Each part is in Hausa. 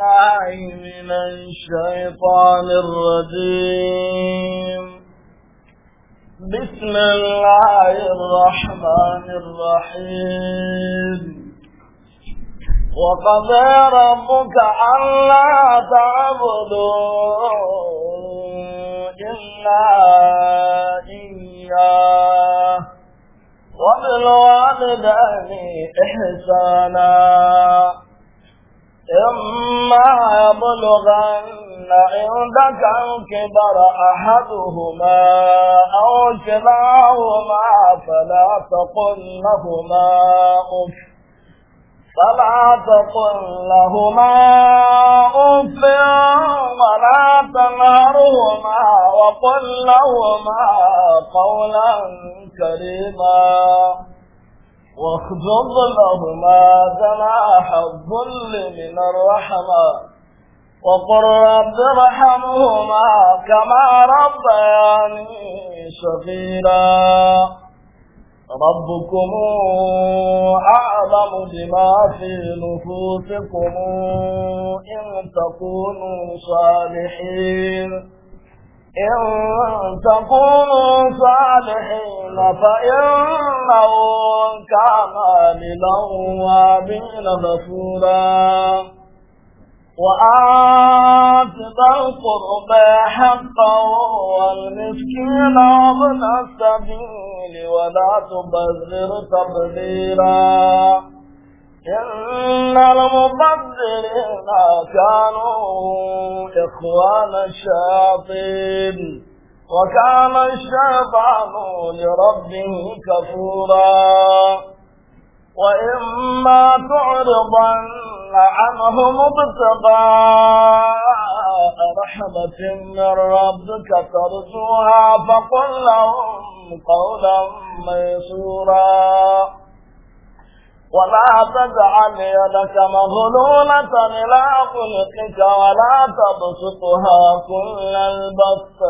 بالله من الشيطان الرجيم بسم الله الرحمن الرحيم وقضى ربك ألا تعبدوا إلا إياه وبالوالدين إحسانا إما يبلغن عندك الكبر أحدهما أو كلاهما فلا تقل لهما أف فلا تقل لهما أف ولا تنهرهما وقل لهما قولا كريما واخفض لهما جناح الظل من الرحمة وقل رب ارحمهما كما ربياني صغيرا ربكم أعلم بما في نفوسكم إن تكونوا صالحين إن تكونوا صالحين فإنه كان للأوابين غفورا وآت ذا القرب حقا والمسكين وابن السبيل ولا تبذر تبذيرا إن المبذرين كانوا إخوان الشياطين وكان الشيطان لربه كفورا وإما تعرضن عنهم ابتغاء رحمة من ربك ترجوها فقل لهم قولا ميسورا ولا تجعل يدك مغلولة إلى خلقك ولا تبسطها كل البسط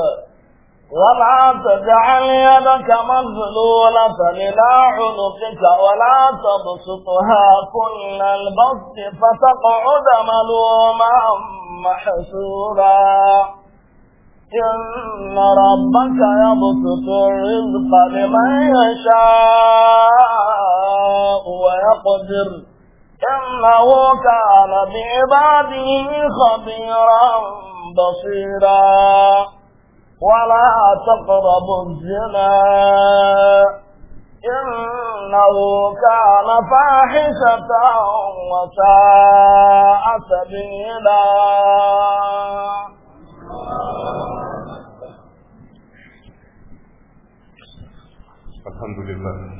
ولا تجعل يدك مغلولة إلى عنقك ولا تبسطها كل البسط فتقعد ملوما محسورا إن ربك يبسط الرزق لمن يشاء يقدر إنه كان بعباده خبيرا بصيرا ولا تقربوا الزنا إنه كان فاحشة وساء سبيلا الحمد لله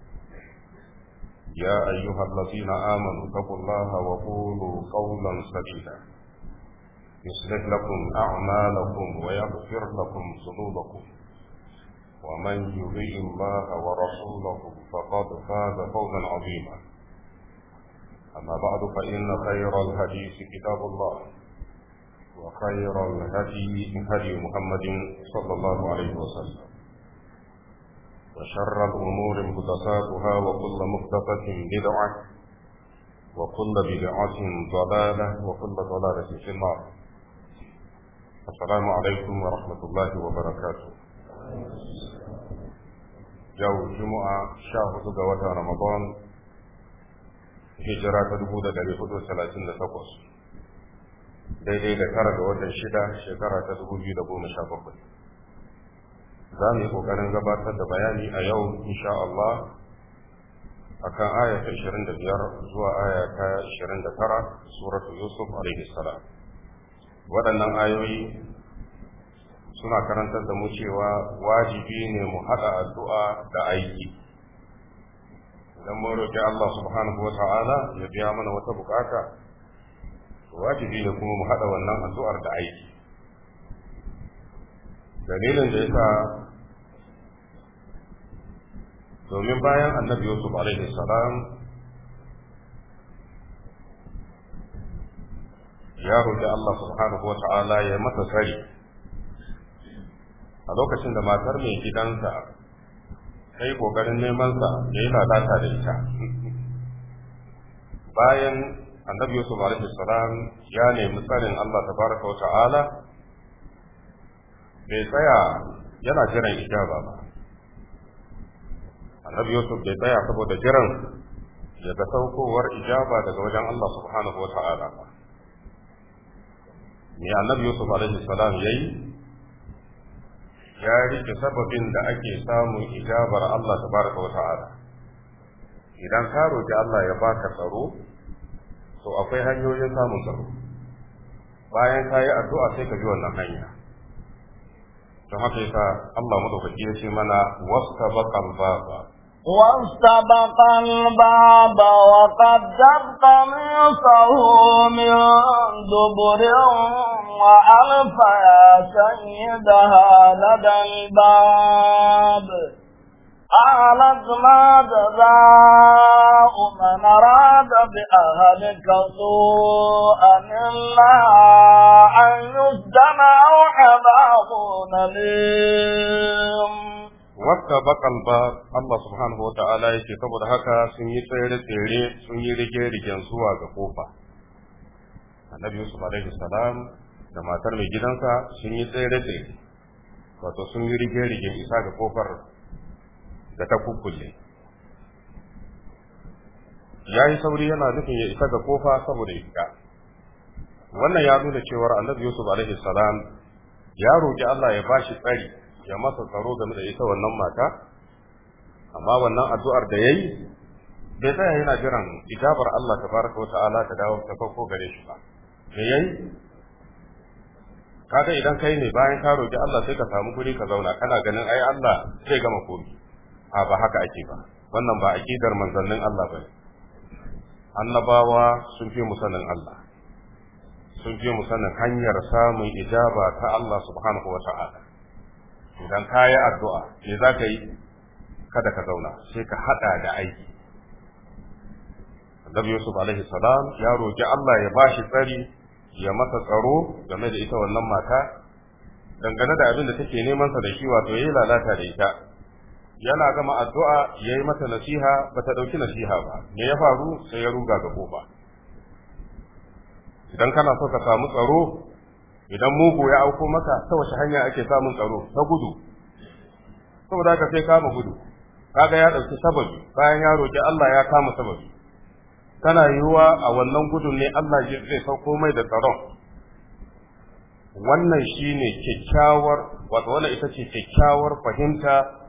يا أيها الذين آمنوا اتقوا الله وقولوا قولا سديدا يصلح لكم أعمالكم ويغفر لكم ذنوبكم ومن يطع الله ورسوله فقد فاز فوزا عظيما أما بعد فإن خير الحديث كتاب الله وخير الهدي هدي محمد صلى الله عليه وسلم وشر الأمور مهدفاتها وكل مهدفة بدعة وكل بدعة ضلالة وكل ضلالة في النار السلام عليكم ورحمة الله وبركاته جو جمعة شهر قوة رمضان هجرة الهودة لحدود ثلاثين لتقص daidai da tara ga watan shida shekara ta dubu biyu da goma sha bakwai za mu yi ƙoƙarin gabatar da bayani a yau insha Allah akan aya ta 25 zuwa aya ta 29 suratul Yusuf alaihi salam waɗannan ayoyi suna karantar da mu cewa wajibi ne mu haɗa addu'a da aiki idan mun roƙi Allah subhanahu wata'ala ya biya mana wata bukata wajibi ne kuma mu haɗa wannan addu'ar da aiki dalilin da ya domin bayan annabi yusuf alaihi salam ya roƙi Allah subhanahu wa ta'ala ya masa tsari a lokacin da matar mai gidansa ta yi neman nemansa ya yi lalata da ita bayan annabi yusuf alaihi salam ya nemi tsarin Allah tabaraka wa ta'ala bai tsaya yana jiran ijaba ba annabi yusuf bai tsaya saboda jiran ya ga saukowar ijaba daga wajen Allah subhanahu wa ta'ala ba me annabi yusuf alaihi salam yayi ya rike sababin da ake samun ijabar Allah tabaraka wa ta'ala idan ka roki Allah ya baka tsaro to akwai hanyoyin samun tsaro bayan ka yi addu'a sai ka bi wannan hanya don haka allah Allah madaukaki ya ce mana wasta baqal baba واستبق الباب وقد دب قميصه من دبر وألف يا سيدها لدى الباب أعلت ما جزاء من أراد بأهلك سوءا إلا أن يسجن أو عذاب أليم wata bakal ba Allah subhanahu wa ta'ala yake saboda haka sun yi tsere-tsere sun yi rige-rigen zuwa ga kofa annabi Yusuf alaihi salam da matar mai gidansa sun yi tsere-tsere wato sun yi rige-rigen isa ga kofar da ta kukkulle ya yi sauri yana nufin ya isa ga kofa saboda iska wannan ya nuna cewar annabi yusuf alaihi salam ya roƙi allah ya bashi tsari ya masa tsaro game da ita wannan mata amma wannan addu'ar da ya yi bai tsaya yana jiran ijabar allah ta tabaraka wa ta'ala ta dawo ta farko gare shi ba me yi kaga idan kai ne bayan ka roƙi allah sai ka samu guri ka zauna kana ganin ai allah zai gama komi a ba haka ake ba wannan ba aqidar manzannin Allah bane annabawa sun fi mu sanin Allah sun fi mu sanin hanyar samun ijaba ta Allah subhanahu wa ta'ala idan ka yi addu'a me za ka yi kada ka zauna sai ka haɗa da aiki annabi yusuf alaihi salam ya roki Allah ya ba shi tsari ya masa tsaro game da ita wannan mata dangane da abin da take neman sa da shi wato yayi lalata da ita yana gama addu'a yayi yi mata nasiha ba ta ɗauki nasiha ba me ya faru sai ya ruga ga kofa idan kana so ka samu tsaro idan mugu ya auko maka ta wace hanya ake samun tsaro ta gudu saboda ka sai kama gudu kaga ya ɗauki sababi bayan ya roki Allah ya kama sababi kana yiwuwa a wannan gudun ne Allah ya zai sauko mai da tsaron wannan shine kyakkyawar wato wannan ita ce kyakkyawar fahimta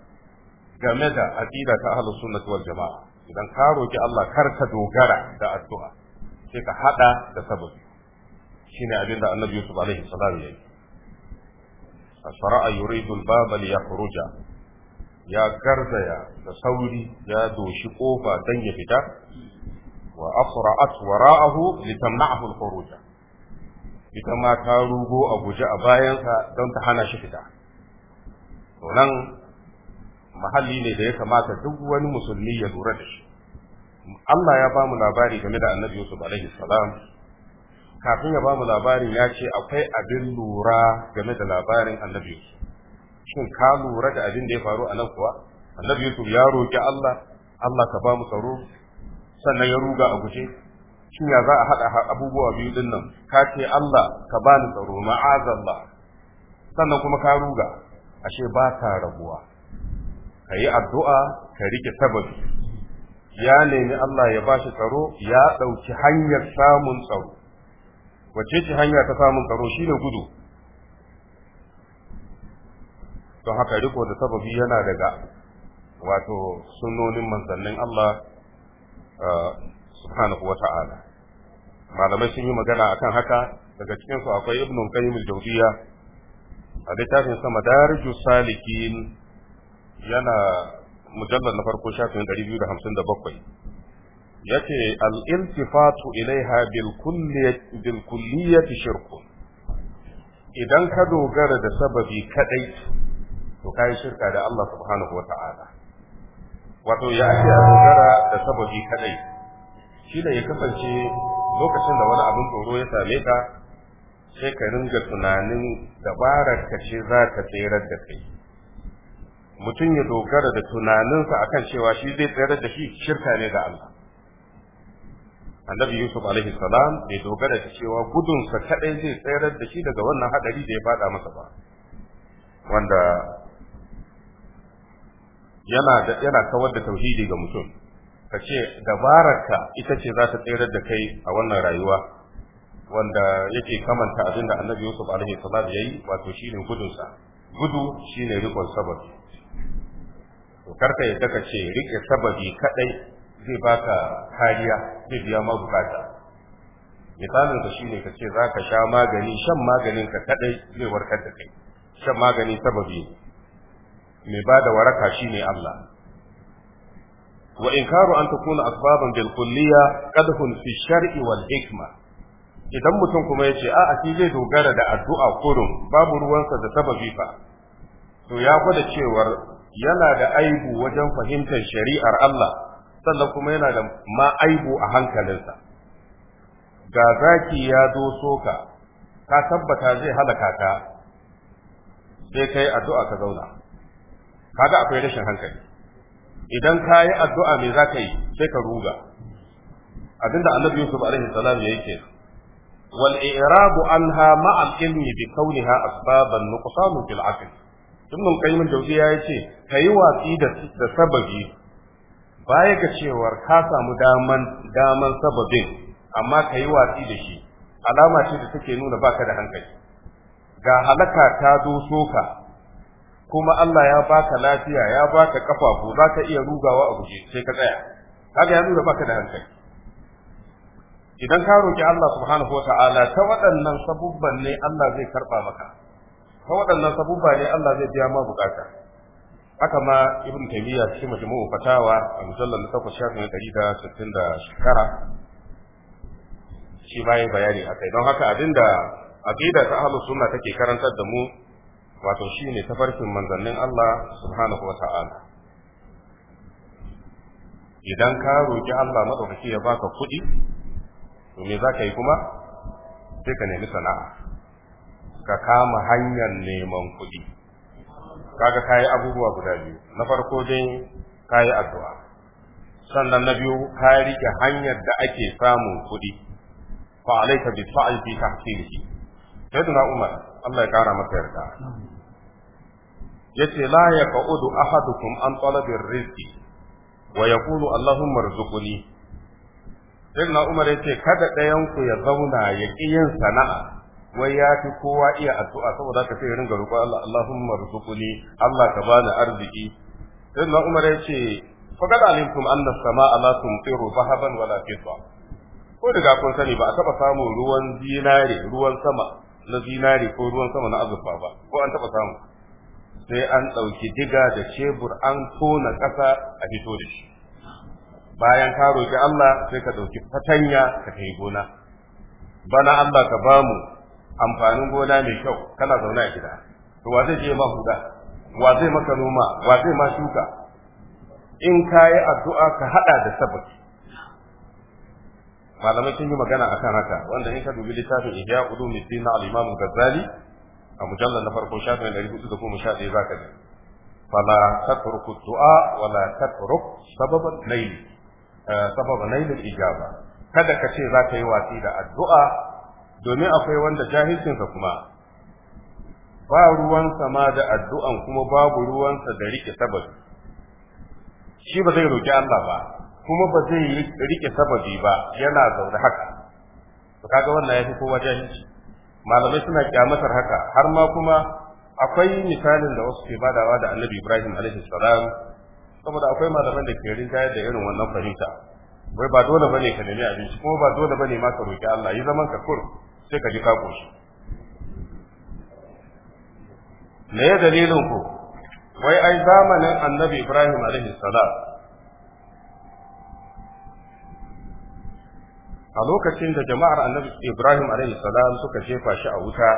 game da aqida ta ahlus sunnati wal jamaa idan ka roki Allah kar ka dogara da addu'a sai ka hada da sababi shine abin da Annabi Yusuf alaihi salam yayi asra'a yuridu al-baba li yakhruja ya garzaya da sauri ya doshi kofa dan ya fita wa afra'at wara'ahu litamna'ahu al-khuruj ita ma ta rugo a guje a bayansa don ta hana shi fita to nan mahalli ne da ya kamata duk wani musulmi ya lura da shi Allah ya bamu labari game da Annabi Yusuf alaihi salam kafin ya bamu labarin ya ce akwai abin lura game da labarin Annabi Yusuf shin ka lura da abin da ya faru a nan kuwa Annabi Yusuf ya roki Allah Allah ka bamu tsaro sannan ya ruga a guje shin ya za a haɗa abubuwa biyu din nan ka ce Allah ka bani tsaro ma'azallah sannan kuma ka ruga ashe ba ta rabuwa ka yi addu'a ka rike sababi ya nemi Allah ya ba shi tsaro ya ɗauki hanyar samun tsaro wace ce hanya ta samun tsaro shi ne gudu don haka riko da sababi yana daga wato sunonin manzannin Allah ah, subhanahu wa ta'ala malamai sun yi magana akan haka daga cikinsu akwai ibnun qayyim al a littafin sama madarijus salikin yana mujallar na farko shafin 257 yace al-iltifatu ilaiha bil kulliyati bil bilkulliyar shirku idan ka dogara da sababi kadai to yi shirka da Allah subhanahu ta’ala wato ya ce a dogara da sababi kaɗai. shi da ya kasance lokacin da wani abin tsoro ya same ka sai ka ringa tunanin dabarar ka ce za ka tserar da kai mutum ya dogara da tunaninsa akan cewa shi zai tsayar da shi shirka ne da Allah annabi yusuf alaihi salam bai dogara da cewa gudunsa kadai zai tsayar da shi daga wannan haɗari da ya fada masa ba wanda yana da yana kawar da tauhidi ga mutum ka kace dabararka ita ce za ta tsayar da kai a wannan rayuwa wanda yake kamanta abin da annabi Yusuf alaihi salam yayi wato shine gudunsa gudu shine rikon sabar karka yadda ka ce rike sababi kadai zai baka kariya zai biya ma bukata misalin ka shine ka ce za sha magani shan maganin ka kadai zai warkar da kai shan magani sababi mai ba da waraka shine Allah wa inkaru an takuna asbaban bil kulliya qadhun fi shar'i wal hikma idan mutum kuma yace a a zai dogara da addu'a kurum babu ruwansa da sababi fa to ya gwada cewar yana da aibu wajen fahimtar shari'ar Allah sannan kuma yana da ma aibu a hankalinsa ga zaki ya zo ka ka tabbata zai halaka ka sai kai addu'a ka zauna kaga akwai rashin hankali idan ka yi addu'a me za ka yi sai ka ruga abinda annabi yusuf alaihi salam ya wal kenan anha عنها ilmi bi بكونها asbaban نقصان fil العقل ibn qayyim jawziya yace kai watsi da da sababi baya ga cewar ka samu daman daman sababin amma kai watsi da shi alama ce da take nuna baka da hankali ga halaka ta zo ka kuma Allah ya baka lafiya ya baka kafafu zaka iya rugawa a guje sai ka tsaya kaga ya nuna baka da hankali idan ka roki Allah subhanahu wataala ta waɗannan sabubban ne Allah zai karba maka ta waɗannan sabubba ne Allah zai biya ma bukata haka ma ibn taymiya cikin majmu'u fatawa a mujallal 8 shafin 169 shi ma bayani akai don haka abinda aqida ta ahlus sunna take karantar da mu wato shine tafarkin manzannin Allah subhanahu wa ta'ala idan ka roki Allah madaukaki ya baka kuɗi to me za yi kuma sai ka nemi sana'a ka kama hanyar neman kuɗi kaga kayi abubuwa guda biyu na farko dai kayi addu'a sannan na biyu ka rike hanyar da ake samun kuɗi fa alayka bi fa'l fi tahsilihi da umar Allah ya kara masa yarda yace la yaqudu ahadukum an talabi rizqi wa yaqulu allahumma irzuqni da umar yace kada ɗayanku ya zauna ya ƙi yin sana'a wai ya fi kowa iya addu'a saboda ka sai ringa roƙo Allah Allahumma rzuqni Allah ka bani arziki sai na Umar ya ce kada alimtum anna as-samaa la tumtiru zahaban wala fidda ko daga kun sani ba a taba samun ruwan zinare ruwan sama na zinare ko ruwan sama na azurfa ba ko an taba samu sai an ɗauki diga da shebur an tona ƙasa a fito da shi bayan ka roƙi Allah sai ka ɗauki fatanya ka kai gona bana Allah ka bamu amfanin gona mai kyau kana zauna a gida to wa zai je ma huda wa zai maka noma wa zai ma shuka in ka yi addu'a ka haɗa da sabaki malamai sun yi magana akan haka wanda in ka dubi littafin ihya ulumi na al-imam ghazali a mujallal na farko shafin 411 zaka ji fala tatruku du'a wala tatruku sababan layl eh, sababan al ijaba kada ka ce zaka yi watsi da addu'a domin akwai wanda jahilcinsa kuma ba ruwan sama da addu'an kuma babu ruwansa da rike sababi shi ba zai roki Allah ba kuma ba zai rike sababi ba yana zaune haka to kaga wannan ya fi kowa jahilci malamai suna kyamatar haka har ma kuma akwai misalin da wasu ke badawa da Annabi Ibrahim alaihi salam saboda akwai malaman da ke rinjaye da irin wannan fahimta wai ba dole bane ka nemi abinci kuma ba dole bane ma ka roki Allah yi zaman ka kur sai ka ji ka koshi me ya dalilin ku wai ai zamanin annabi ibrahim alaihi salam a lokacin da jama'ar annabi ibrahim alaihi salam suka jefa shi a wuta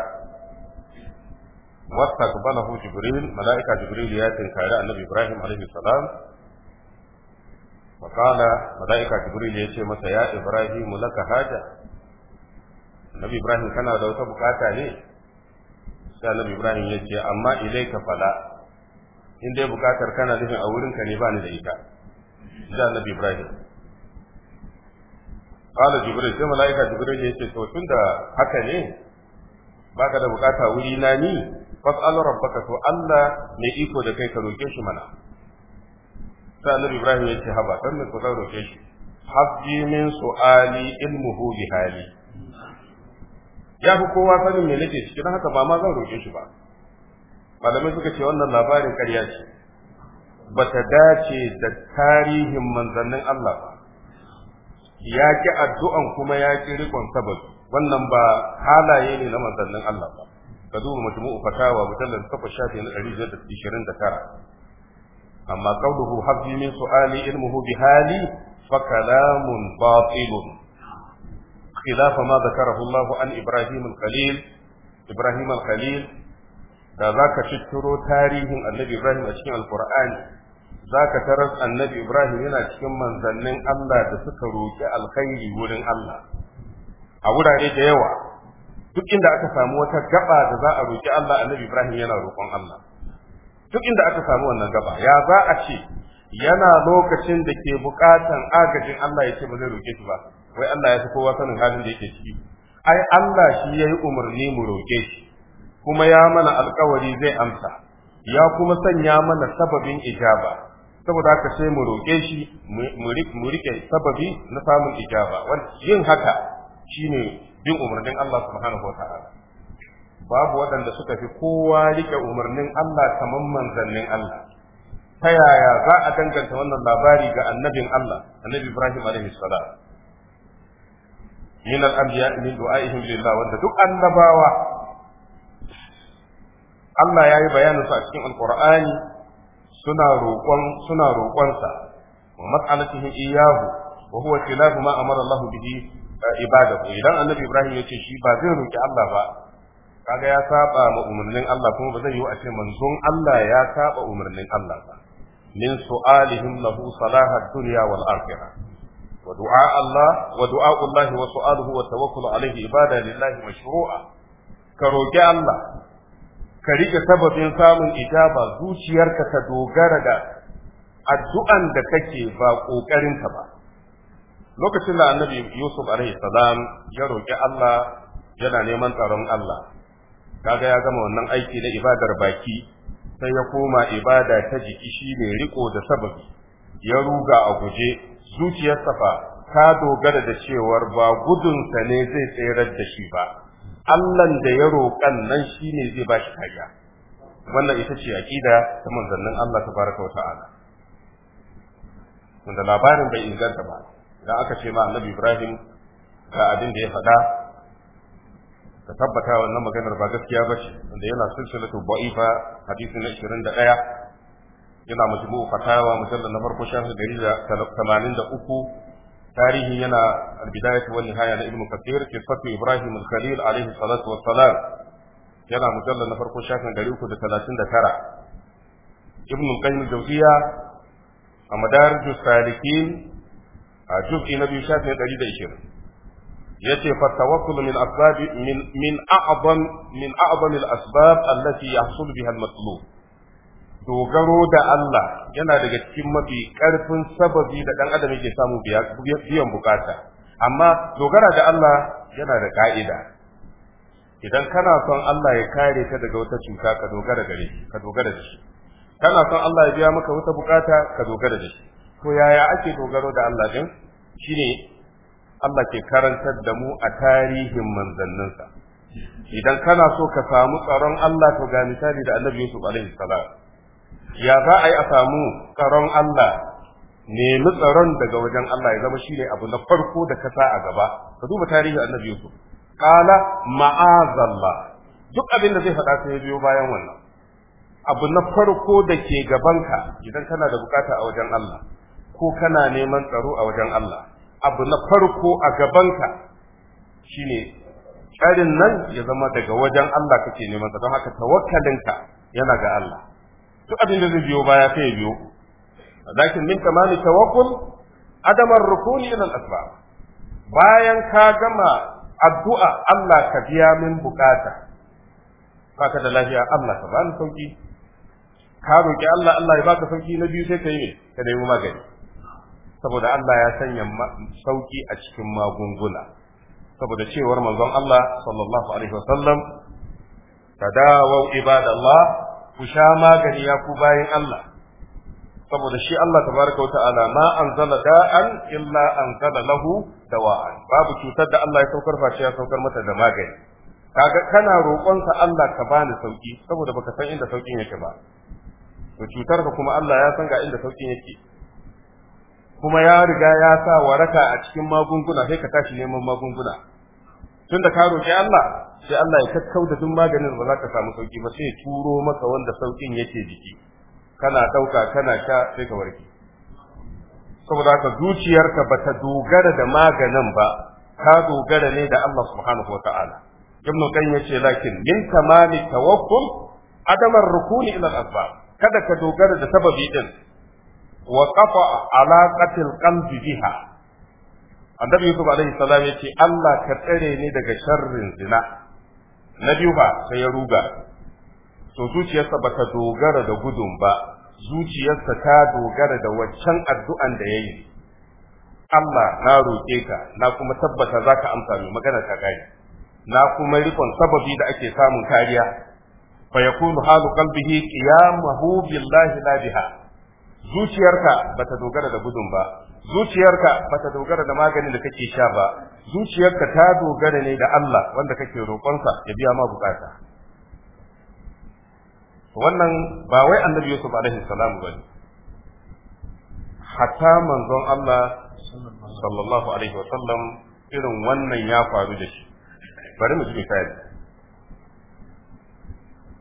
واستقبله jibril ملائكة جبريل ياتي كالا النبي إبراهيم عليه السلام وقال ملائكة جبريل ce متى يا إبراهيم لك حاجة nabi ibrahim kana da wata bukata ne sai nabi ibrahim ya ce amma ilaika fala in dai bukatar kana nufin a wurinka ne ba ni da ita da nabi ibrahim qala jibril sai malaika jibril ya ce to da haka ne Ba ka da bukata wuri na ni fas'al rabbaka to Allah ne iko da kai ka roke shi mana sai nabi ibrahim ya ce haba dan ku roke shi hafi min su'ali ilmuhu bi hali ya fi kowa sanin me nake ciki don haka ba ma zan roƙe shi ba malamai suka ce wannan labarin karya ce ba ta dace da tarihin manzannin Allah ba ya ki addu'an kuma ya ki riƙon sababi wannan ba halaye ne na manzannin Allah ba ka duba majmu'u fatawa mujallar takwas shafi na ɗari biyar da ishirin da tara amma qawluhu habbi min su'ali ilmuhu bi hali fa kalamun batilun khilafa ma zakarahu Allah an Ibrahim al-Khalil Ibrahim al-Khalil da zaka cicciro tarihin Annabi Ibrahim a cikin Al-Qur'ani zaka tarar Annabi Ibrahim yana cikin manzannin Allah da suka roki alkhairi wurin Allah a wurare da yawa duk inda aka samu wata gaba da za a roki Allah Annabi Ibrahim yana roƙon Allah duk inda aka samu wannan gaba ya za a ce yana lokacin da ke buƙatan agajin Allah ya ce ba zai roke shi ba wai Allah ya fi kowa sanin halin da yake ciki ai Allah shi ya yi umarni mu roƙe shi kuma ya mana alkawari zai amsa ya kuma sanya mana sababin ijaba saboda haka sai mu roƙe shi mu riƙe sababi na samun ijaba yin haka shine bin umarnin Allah subhanahu wa ta'ala babu waɗanda suka fi kowa riƙe umarnin Allah kamar manzannin Allah ta yaya za a danganta wannan labari ga annabin Allah annabi Ibrahim alaihi salam min al-anbiya min du'a'ihim lillah wanda duk annabawa Allah ya yi bayanin sa a cikin alqur'ani suna roƙon suna roƙon sa wa mas'alatihim iyyahu wa huwa khilafu ma amara Allah bihi ibadahu idan annabi Ibrahim ya ce shi ba zai roƙi Allah ba kaga ya saba ma umarnin Allah kuma ba zai yi a manzon Allah ya saba umarnin Allah ba min su'alihim lahu salaha dunya wal akhirah ودعاء الله ودعاء الله وسؤاله والتوكل عليه عبادة لله مشروعة كروجي الله كريك سبب samun ijaba zuciyarka ka dogara da addu'an da kake ba ƙoƙarinka ba lokacin da annabi yusuf alaihi salam ya roƙi allah yana neman tsaron allah kaga ya zama wannan aiki na ibadar baki sai ya koma ibada ta jiki shi shine riko da sababi ya ruga a guje zuciyarsa fa ta dogara da cewar ba gudunsa ne zai tserar da shi ba Allah da ya roƙan nan shine zai ba shi kariya wannan ita ce aqida ta manzannin Allah tabaraka wa ta'ala wanda labarin bai inganta ba idan aka ce ma annabi Ibrahim ga abin da ya faɗa ka tabbata wannan maganar ba gaskiya ba ce wanda yana silsilatu ba'ifa hadisi na 21 yana majmu'u fatawa mujallal na farko shafin dari da tamanin da uku tarihi yana albidayatu wal nihaya na ibnu kathir kisatu ibrahim al-khalil alaihi salatu wassalam yana mujallal na farko shafin dari uku da talatin da tara ibnu qayyim al-jawziya a madarij salikin a juz'i na biyu shafin dari da ishirin yace fa tawakkul min asbab min min a'zam min a'zam al-asbab allati yahsul biha al-matlub dogaro da Allah yana daga cikin mafi ƙarfin sababi da ɗan adam yake samu biyan bukata amma dogara da Allah yana da ka'ida idan kana son Allah ya kare ka daga wata cuta ka dogara gare shi ka dogara da shi kana son Allah ya biya maka wata bukata ka dogara da shi to yaya ake dogaro da Allah din shine Allah ke karantar da mu a tarihin manzanninsa idan kana so ka samu tsaron Allah to ga misali da Annabi Yusuf alaihi salam ya za a yi a samu tsaron Allah nemi tsaron daga wajen Allah ya zama shine abu na farko da kasa a gaba ka duba tarihi annabi Yusuf qala ma'azalla duk abin da zai faɗa sai ya biyo bayan wannan abu na farko da ke gabanka idan kana da bukata a wajen Allah ko kana neman tsaro a wajen Allah abu na farko a gabanka shine tsarin nan ya zama daga wajen Allah kake neman tsaro, don haka tawakkalinka yana ga Allah duk abin da zai biyo baya sai ya biyo lakin min tamami tawakkul adamar rukuni ila al-asbab bayan ka gama addu'a Allah ka biya min bukata baka da lafiya Allah ka bani sauki ka roki Allah Allah ya baka sauki na biyu sai ka yi ka nemi magani saboda Allah ya sanya sauki a cikin magunguna saboda cewar manzon Allah sallallahu alaihi wasallam tadawau ibadallah ku sha magani ya ku bayan Allah saboda shi Allah tabaraka wa ta'ala ma anzala da'an illa anzala lahu dawa'an babu cutar da Allah ya saukar face ya saukar mata da magani kaga kana sa Allah ka bani sauki saboda baka san inda saukin yake ba to cutar ka kuma Allah ya san ga inda saukin yake kuma ya riga ya sa waraka a cikin magunguna sai ka tashi neman magunguna tunda ka roƙi Allah sai Allah ya da duk maganin ba za ka samu sauki ba sai turo maka wanda saukin yake jiki kana ɗauka kana sha sai ka warke saboda haka zuciyarka ba ta dogara da maganin ba ka dogara ne da Allah subhanahu wa ta'ala ibn qayyim yace lakin min tamami tawakkul adamar rukuni ila al-asbab kada ka dogara da sababi din wa qafa alaqatil qalbi biha annabi yusuf alaihi salam yace Allah ka tsare ni daga sharrin zina na biyu ba sai ya ruga to zuciyarsa ba ta dogara da gudun ba zuciyarsa ta dogara da waccan addu'an da ya yi Allah na roƙe ka na kuma tabbata za ka amsa mai magana ta gari na kuma rikon sababi da ake samun kariya fa yakunu halu qalbihi qiyamahu billahi la biha zuciyarka bata dogara da gudun ba zuciyarka bata dogara da maganin da kake sha ba zuciyarka ta dogara ne da Allah wanda kake roƙonsa ya biya ma bukata wannan ba wai annabi Yusuf alaihi salam bane hatta manzon Allah sallallahu alaihi wasallam irin wannan ya faru da shi bari mu ji misali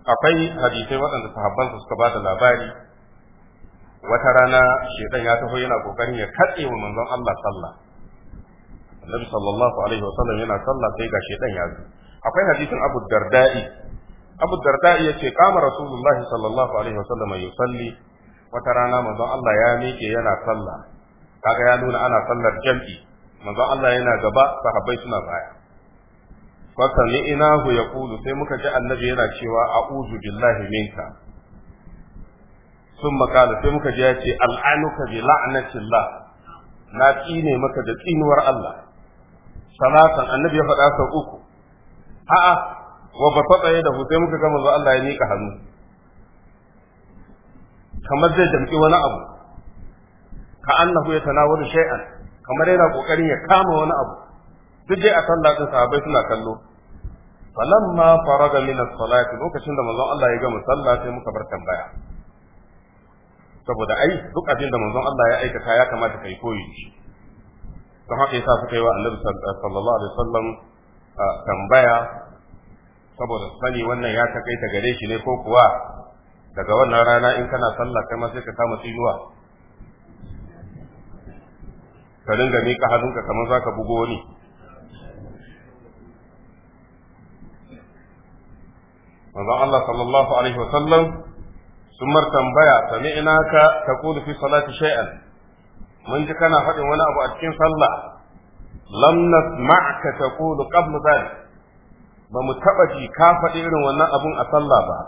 akwai hadisai waɗanda sahabban suka ba da labari wata rana shedan ya taho yana kokarin ya katse wa manzon Allah sallah annabi sallallahu alaihi wa sallam yana sallah sai ga shedan ya zo akwai hadisin Abu Darda'i Abu Darda'i yace kama Rasulullahi sallallahu alaihi wa wasallam yusalli wata rana manzon Allah ya miƙe yana sallah kaga ya nuna ana sallar jam'i manzon Allah yana gaba sahabbai suna baya fa sami'nahu yaqulu sai muka ji annabi yana cewa a'udhu billahi minka sun makala sai muka ji ya ce al'anuka bi la'anatillah na tsine maka da tsinuwar Allah salatan annabi ya faɗa sau uku a'a wa ba fatsaye da sai muka gama manzo Allah ya miƙa hannu kamar zai jam'i wani abu ka annahu ya tanawalu shay'an kamar yana kokarin ya kama wani abu duk dai a sallah din sahabbai suna kallo falamma faraga min as-salati lokacin da manzon Allah ya gama sallah sai muka bar tambaya saboda ai duk abin da manzon Allah ya aikata ya kamata kai koyi shi don haka yasa suka yi wa Annabi sallallahu alaihi wasallam tambaya saboda sani wannan ya takaita gare shi ne ko kuwa daga wannan rana in kana sallah kai ma sai ka kama tsiruwa ka dinga miƙa hannunka kamar zaka bugo wani manzon Allah sallallahu alaihi wasallam Sumar mar tambaya sami'na ka taqulu fi salati shay'an mun ji kana faɗin wani abu a cikin sallah lam nasma'ka taqulu qabla dhalik ba mu taɓa ji ka faɗi irin wannan abun a sallah ba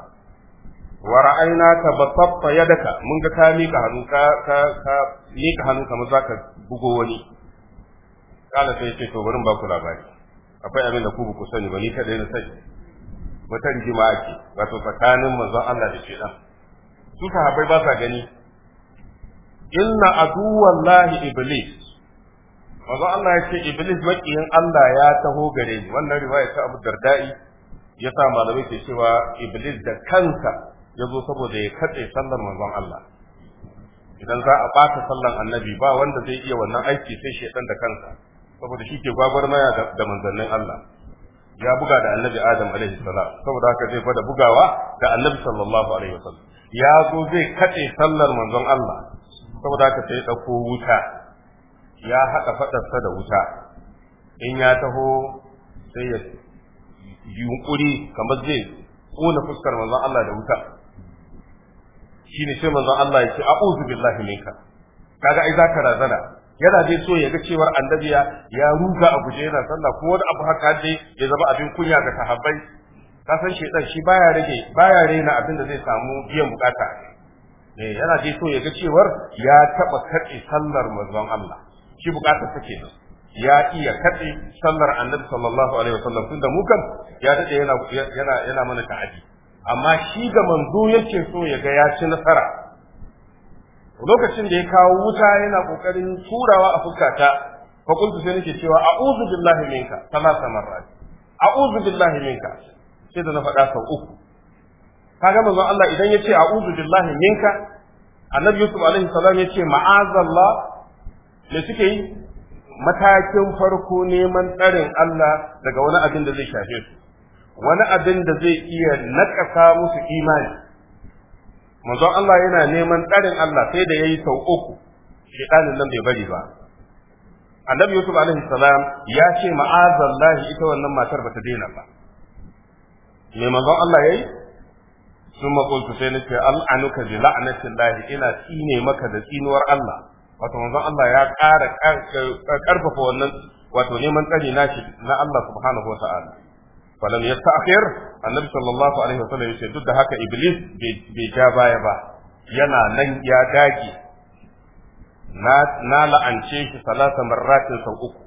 wa ra'ayna ka battatta yadaka mun ga ka mika hannu ka ka ka mika hannu kamar zaka bugo wani kala sai ce to bari ba ku labari akwai abin da ku ba ku sani ba ni kadai na sani wata rigima ce, wato tsakanin manzon Allah da dan. su sahabai ba sa gani inna wallahi iblis Wanzu Allah ya ce iblis makiyin Allah ya taho gare ni wannan riwaya ta Abu Darda'i ya sa malamai ke cewa iblis da kansa ya zo saboda ya katse sallar manzon Allah idan za a ɓata sallar annabi ba wanda zai iya wannan aiki sai shedan da kansa saboda shi ke gwagwarmaya da manzannin Allah ya buga da annabi Adam alaihi salam saboda haka zai gwada bugawa da annabi sallallahu alaihi wasallam ya zo zai kaɗe sallar manzon Allah saboda haka sai ɗauko wuta ya haɗa faɗarsa da wuta in ya taho sai ya yunkuri kamar zai ƙona fuskar manzon Allah da wuta shine sai manzon Allah ya ce a'udhu billahi minka kaga ai zaka razana yana dai so ya ga cewar annabiya ya ruga a guje yana sallah ko wani abu haka dai ya zama abin kunya ga sahabbai kasan shedan shi baya rage baya rena abin da zai samu biyan bukata eh yana ji so ya ga cewar ya taba kace sallar manzon Allah shi bukata take nan ya iya kace sallar annabi sallallahu alaihi wasallam tunda mu kan ya dade yana yana yana mana ta'adi amma shi ga manzo yake so ya ya ci nasara lokacin da ya kawo wuta yana kokarin turawa a fuskata fa kuntu sai nake cewa a'udhu billahi minka sama samarra a'udhu billahi minka sai da na faɗa sau uku kaga manzo Allah idan yace a'udhu billahi minka annabi Yusuf alaihi salam yace ma'azallah me suke yi matakin farko neman tsarin Allah daga wani abin da zai shafe su wani abin da zai iya nakasa musu imani manzon Allah yana neman tsarin Allah sai da yayi sau uku shedanin nan bai bari ba annabi Yusuf alaihi salam ya ce ma'azallahi ita wannan matar bata daina ba me manzon Allah yayi sun makultu sai na ce al'anuka bi la'anatin lahi ina tsine maka da tsinuwar Allah wato manzon Allah ya ƙara ƙarfafa wannan wato neman tsari na shi na Allah subhanahu wa ta'ala falam yasta'khir annabi sallallahu alaihi wa sallam yace duk da haka iblis bai ja baya ba yana nan ya dage na la'ance shi salasa marratin sau uku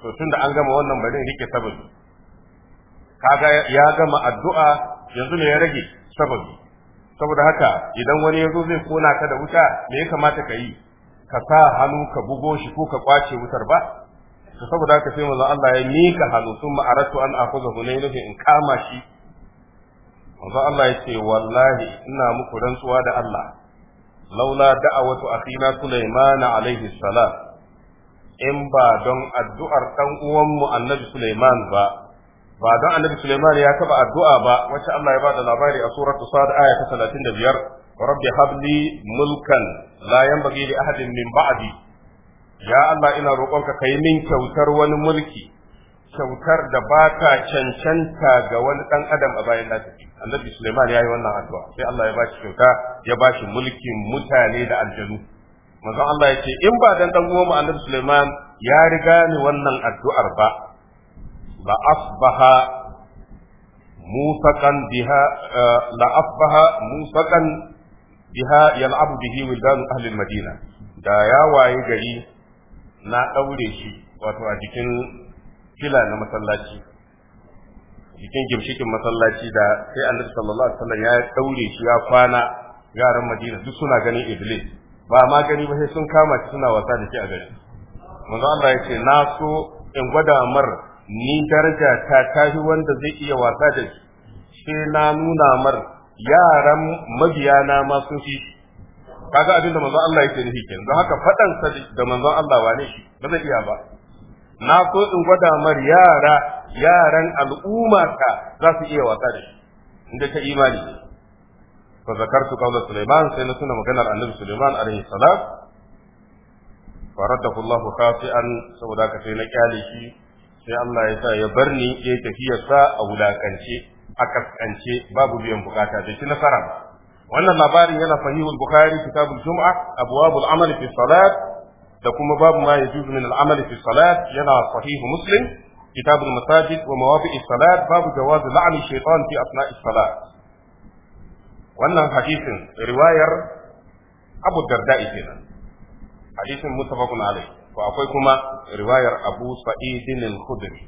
to tunda an gama wannan bari rike sababi kaga ya gama addu'a yanzu ne ya rage sababi saboda haka idan wani ya zo zai kona ka da wuta me ya kamata ka yi ka sa hannu ka bugo shi ko ka kwace wutar ba to saboda haka sai manzo Allah ya mika hannu sun aratu an akuzahu ne nufin in kama shi manzo Allah ya ce wallahi ina muku rantsuwa da Allah laula da'awatu akhina Sulaiman alaihi salam in ba don addu'ar dan uwanmu Annabi Sulaiman ba ba dan annabi Suleiman ya taba addu'a ba wacce Allah ya bada labari a suratu Sad aya ta 35 rabbi habli mulkan la yanbaghi li ahadin min ba'di ya Allah ina roƙonka kai min kyautar wani mulki kyautar da ba ta cancanta ga wani ɗan adam a bayan lafiya annabi Suleiman ya yi wannan addu'a sai Allah ya ba shi kyauta ya ba shi mulkin mutane da aljanu manzon Allah ya ce in ba dan dan uwan annabi Suleiman ya riga ni wannan addu'ar ba لأصبح asbaha بها biha la بها يلعب به ولدان bihi المدينة دا يا da ya waye gari na واتو shi wato a jikin fila na masallaci jikin gimshikin masallaci da sai annabi sallallahu alaihi wasallam ya daure shi ya kwana yaran madina duk suna ganin iblis ba ma gani ba sai sun kama shi suna wasa da shi a gari manzo Allah yace na so in gwada mar ni daraja ta tafi wanda zai iya wasa da shi sai na nuna mar yaran na ma sun fi kaga abin da manzon Allah yake nufi kenan don haka fadan sa da manzon Allah wane shi ba zai iya ba na so in gwada mar yara yaran al'umma ka za su iya wasa da shi inda ta imani fa zakartu qawla Sulaiman sai na tuna maganar Annabi Sulaiman alaihi salam fa raddahu Allah khafi'an saboda ka sai na kyale shi sai Allah ya sa ya bar ni ya yi sa a wulakance a kaskance babu biyan bukata da shi nasara wannan labarin yana sahihul bukhari kitabul jum'a abwabul amali fi salat da kuma babu ma yajuzu min al-amali fi salat yana sahihu muslim kitabul masajid wa mawaqi'is salat babu jawaz la'ni shaytan fi asna'is salat wannan hadisin riwayar Abu Darda'i kenan hadisin muttafaqun alayh to akwai kuma riwayar Abu Sa'id al-Khudri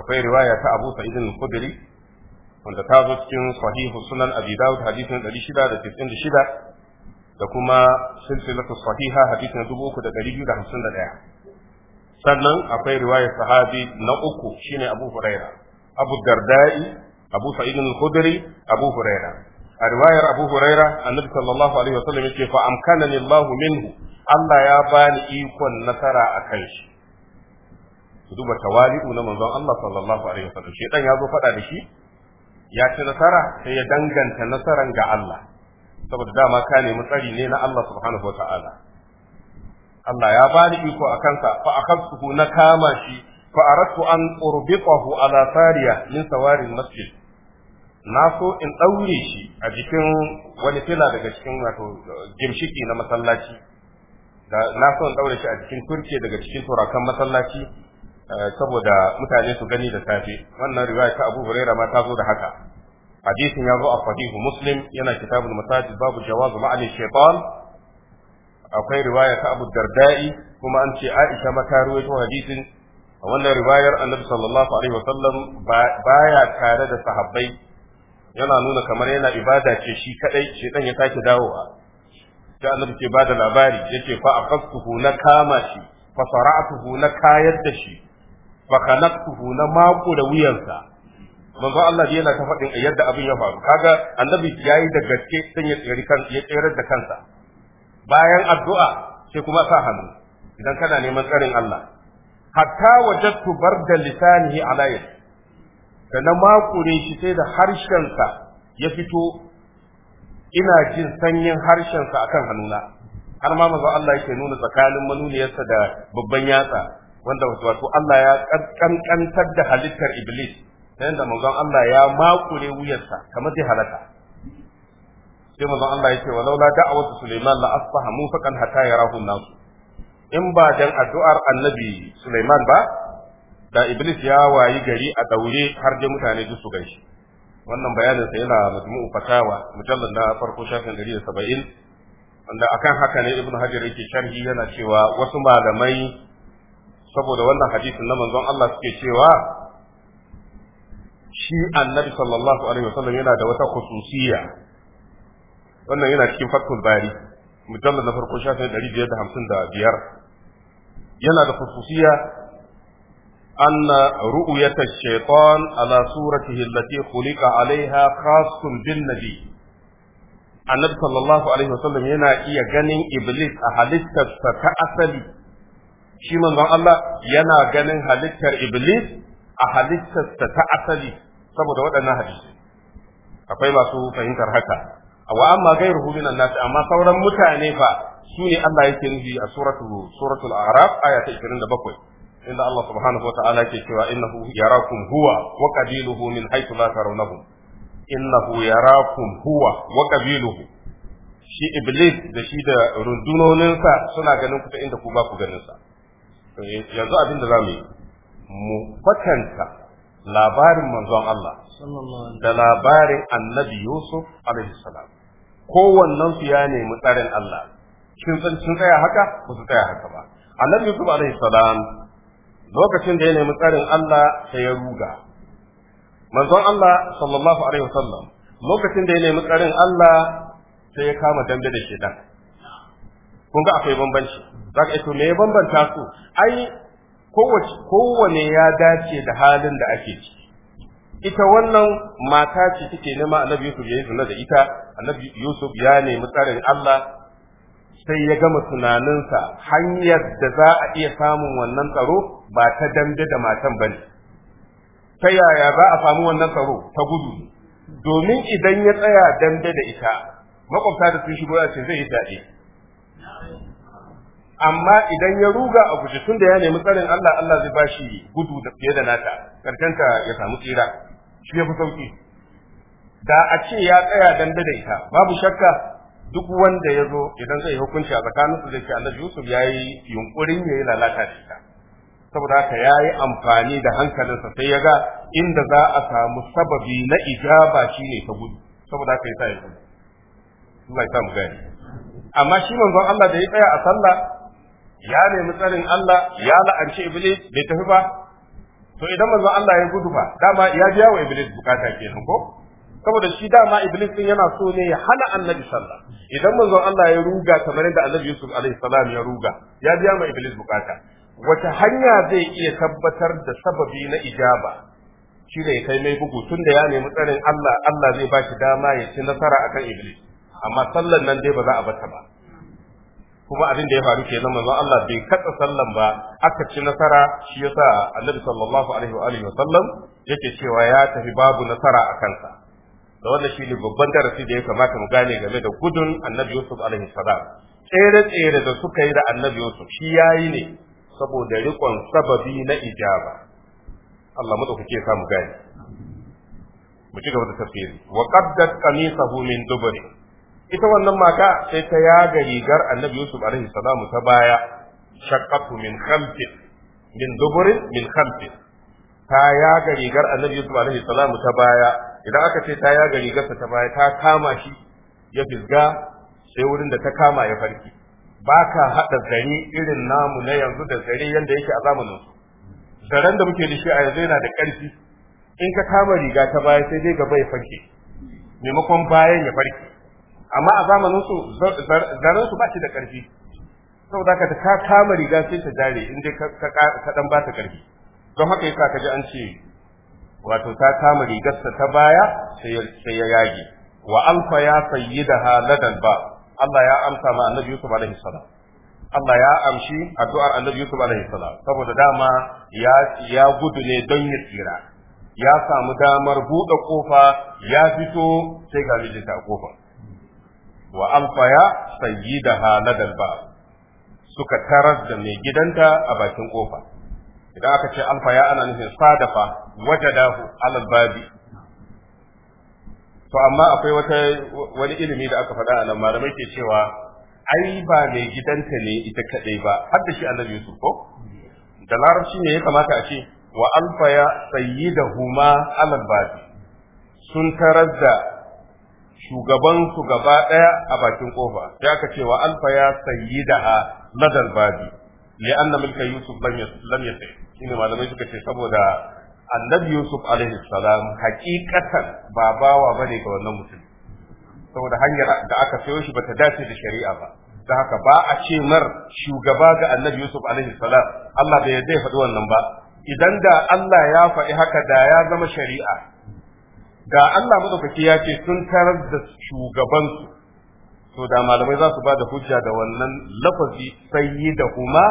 akwai riwaya ta Abu Sa'id al-Khudri wanda ta zo cikin sahihu sunan Abi Dawud hadisin 696 da kuma silsilatu sahiha hadisin 3251 sannan akwai riwayar sahabi na uku shine Abu Huraira Abu Dardai Abu Sa'id al-Khudri Abu Huraira a riwayar Abu Huraira annabi sallallahu alaihi wa wasallam yake fa amkanani Allahu minhu Allah ya bani ikon nasara a kan shi ku duba tawali'u na manzon Allah sallallahu alaihi wasallam shi ya zo fada da shi ya ci nasara sai ya danganta nasaran ga Allah saboda dama ka nemi tsari ne na Allah subhanahu wataala Allah ya bani iko a kansa fa akhadtuhu na kama shi fa aradtu an urbiqahu ala sariya min sawari masjid na so in ɗaure shi a jikin wani fila daga cikin wato gimshiki na masallaci da na son daure shi a cikin turke daga cikin turakan masallaci eh, saboda mutane su gani da safe wannan riwaya ta Abu Hurairah ma ta zo da haka hadisin ya zo a sahihu Muslim yana kitabul masajid babu jawaz ma'al shaytan akwai riwaya ta Abu Darda'i kuma an ce Aisha ma ta ruwaito hadisin a wannan riwayar Annabi sallallahu alaihi wasallam baya tare da sahabbai yana nuna kamar yana ibada ce shi kadai shedan ya take dawowa da annabi ke da labari yace fa aqaftuhu na kama shi fa sara'tuhu na kayar da shi fa khalaqtuhu na mako da wuyansa manzo Allah yana ta faɗin yadda abin ya faru kaga annabi yayi da gaske dan ya tsere kan ya tsere da kansa bayan addu'a sai kuma sa hannu idan kana neman tsarin Allah hatta wajadtu barda lisanihi alayhi da na makure shi sai da harshensa ya fito ina jin sanyin harshensa akan hannuna har ma manzo Allah yake nuna tsakanin manuniyarsa da babban yatsa wanda wato Allah ya kankantar da halittar iblis sai da manzo Allah ya makure wuyarsa kamar zai halaka sai manzo Allah yake walau la da'awatu Sulaiman la asbaha mufaqan hatta yarahu an-nas in ba dan addu'ar annabi Sulaiman ba da iblis ya wayi gari a daure har dai mutane su gaishe wannan bayanin yana majmu'u fatawa mujallad na farko shafin 170 wanda akan haka ne ibnu hajar yake sharhi yana cewa wasu malamai saboda wannan hadisin na manzon Allah suke cewa shi annabi sallallahu alaihi wasallam yana da wata khususiyya wannan yana cikin fathul bari mujallad na farko shafin biyar yana da khususiyya أن رؤية الشيطان على صورته التي خلق عليها خاص بالنبي النبي صلى الله عليه وسلم ينا إيا جنين إبليس أهلتة فكأسلي شي من الله ينا جنين هلتة إبليس أهلتة فكأسلي saboda waɗannan hadisi akwai masu fahimtar haka wa amma gairuhu minan nas amma sauran mutane fa su ne Allah yake nufi a suratul suratul a'raf aya ta 27 inda Allah subhanahu ta’ala ke cewa innahu yarakum huwa wa qabiluhu min haythu la tarawnahu innahu yarakum huwa wa qabiluhu shi iblis da shi da rundunoninsa suna ganin ku ta inda ku ba ku ganin sa yanzu abin da za mu yi mu kwatanta labarin manzon Allah da labarin annabi Yusuf alaihi salam kowannan su ya nemi tsarin Allah sun tsaya haka ba tsaya haka ba annabi Yusuf alaihi salam lokacin da ya nemi tsarin Allah sai ya ruga manzon Allah sallallahu alaihi wasallam lokacin da ya nemi tsarin Allah sai ya kama dambe da shedan kun ga akwai bambanci zaka ito me ya bambanta su ai kowace kowane ya dace da halin da ake ci. ita wannan mata ce take nema annabi Yusuf ya yi zina da ita annabi Yusuf ya nemi tsarin Allah sai ya gama tunaninsa hanyar da za a iya samun wannan tsaro ba ta dambe da matan ba ne ta yaya za a samu wannan tsaro ta gudu domin idan ya tsaya dambe da ita makwabta da sun shigo ce zai yi daɗe amma idan ya ruga a guji tun da ya nemi tsarin Allah Allah zai bashi gudu da fiye da nata karkanta ya samu tsira shi ya fi sauki da a ce ya tsaya dambe da ita babu shakka duk wanda ya zo idan zai hukunci a tsakaninsu zai ce annabi yusuf ya yi yunkurin ya yi lalata shi ita saboda haka ya yi amfani da hankalinsa sai ya ga inda za a samu sababi na ijaba shi ne ta gudu saboda haka ya sa ya gudu Allah ya samu gani amma shi manzon Allah da ya tsaya a sallah ya nemi tsarin Allah ya la'anci iblis bai tafi ba to idan manzon Allah ya gudu ba dama ya biya wa iblis bukata kenan ko saboda shi dama iblis din yana so ne ya hana annabi sallah idan manzon Allah ya ruga kamar yadda annabi Yusuf alaihi salam ya ruga ya biya ma iblis bukata wata hanya zai iya tabbatar da sababi na ijaba shi ne kai mai bugu tun da ya nemi tsarin Allah Allah zai ba dama ya ci nasara akan iblis amma sallan nan dai ba za a bata ba kuma abin da ya faru kenan manzon Allah bai katsa sallan ba aka ci nasara shi yasa annabi sallallahu alaihi wa alihi wa sallam yake cewa ya tafi babu nasara akan sa da wannan shi ne babban darasi da ya kamata mu gane game da gudun annabi yusuf alaihi salam tsere tsere da suka yi da annabi yusuf shi yayi ne saboda rikon sababi na ijaba Allah madaukake ya mu gane mu ci gaba da tafsiri wa qaddat qamisahu min dubri ita wannan mata sai ta yaga rigar annabi yusuf alaihi salam ta baya shaqqatu min khamsin min dubri min khamsin ta yaga rigar annabi yusuf alaihi salam ta baya idan aka ce ta yaga rigarsa ta baya ta kama shi ya fisga sai wurin da ta kama ya farki ba ka haɗa zare irin namu na yanzu da zare yadda yake a zamanin su zaren da muke da shi a yanzu yana da ƙarfi in ka kama riga ta baya sai dai gaba ya farke maimakon bayan ya farke amma a zamanin su zaren su ba shi da ƙarfi saboda ka ka kama riga sai ta jare in dai ka ɗan ba ta ƙarfi don haka yasa ka ji an ce wato ta kama rigarsa ta baya sai ya yage wa alfa ya sayyida haladan ba Allah ya amsa ma annabi Yusuf alaihi salam Allah ya amshi addu'ar annabi Yusuf alaihi salam saboda dama ya ya gudu ne don ya tsira ya samu damar buɗe kofa ya fito sai ga rijinta a kofa wa alfa ya sayyida haladan ba suka tarar da mai gidanta a bakin kofa idan aka ce alfa ya ana nufin sadafa wajadahu ala babi to amma akwai wata wani ilimi da aka faɗa anan, nan malamai ke cewa ai ba mai gidanta ne ita kadai ba har da shi annabi Yusuf ko da larabci ne ya kamata a ce wa alfa ya ma ala babi sun tarar da shugaban su gaba daya a bakin kofa sai aka ce wa alfa ya sayyidaha ladal babi li anna milka yusuf lam yasai shine malamai suka ce saboda annabi yusuf alaihi salam hakikatan ba bawa bane ga wannan mutum saboda hanyar da aka sayo shi bata dace da shari'a ba da haka ba a ce mar shugaba ga annabi yusuf alaihi salam Allah bai yarda ya faɗi wannan ba idan da Allah ya faɗi haka da ya zama shari'a ga Allah madaukaki ya ce sun tarar da shugabansu to da malamai za su ba da hujja da wannan lafazi sayyi da huma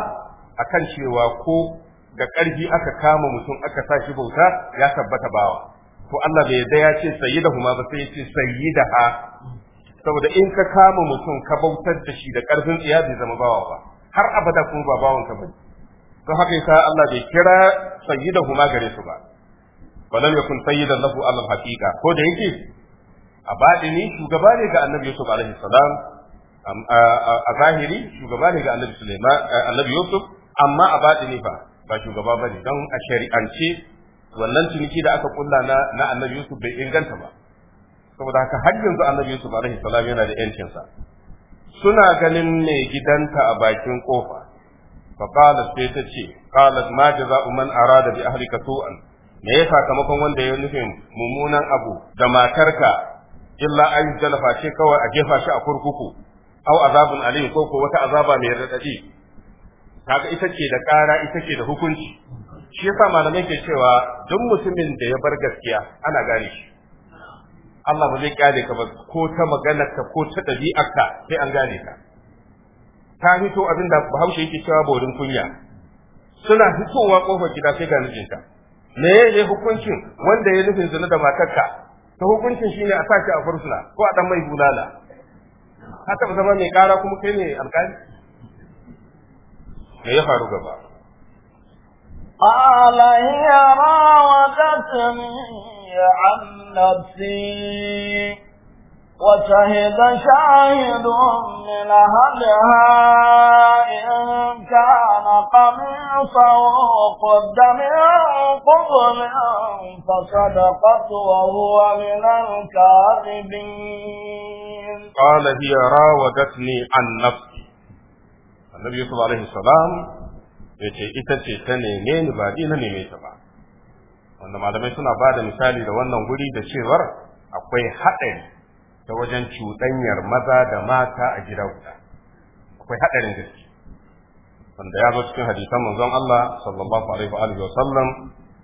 akan cewa ko da ƙarfi aka kama mutum aka sa bauta ya tabbata bawa to Allah bai yarda ya ce yi da huma ba sai ya ce da ha saboda in ka kama mutum ka bautar da shi da ƙarfin tsiya bai zama bawa ba har abada kuma ba bawan ka bane to haka yasa Allah bai kira yi da huma gare su ba balam yakun sayyidan lahu alal haqiqa ko da yake a badini shugaba ne ga annabi yusuf alaihi salam a zahiri shugaba ne ga annabi suleiman annabi yusuf amma a badini fa ba shugaba ba ne. don a shari'ance wannan ciniki da aka kulla na na annabi yusuf bai inganta ba saboda haka har yanzu annabi yusuf alaihi salam yana da yancin sa suna ganin ne gidanta a bakin kofa fa qala sai ta ce qalat ma jaza'u man arada bi ahlika su'an me ya sakamakon wanda ya nufin mummunan abu da matarka illa ayu jalafa ce kawai a jefa shi a kurkuku au azabun alim ko ko wata azaba mai radadi kaga ita ce da kara ita ce da hukunci shi yasa malamai ke cewa duk mutumin da ya bar gaskiya ana gane shi Allah ba zai kyale ka ba ko ta ka ko ta ɗabi'arka sai an gane ka ta fito abin da Bahaushe yake cewa borin kunya suna fitowa kofar gida sai ga mijinta me ne hukuncin wanda ya nufin zina da matarka ta hukuncin ne a sake a fursuna ko a dan mai bulala ka taɓa zama mai ƙara kuma kai ne alƙali me ya faru gaba قال هي راودتني عن نفسي وشهد شاهد من أهلها إن كان قميصه قد من قبل فصدقت وهو من الكاذبين قال هي راودتني عن نفسي النبي صلى الله عليه وسلم yace ita ce ta neme ni ba dina neme ta ba wanda malamai suna ba da misali da wannan guri da cewar akwai haɗari ta wajen cuɗanyar maza da mata a gida guda akwai haɗarin gaske wanda ya zo cikin hadisan manzon Allah sallallahu alaihi wa alihi wa sallam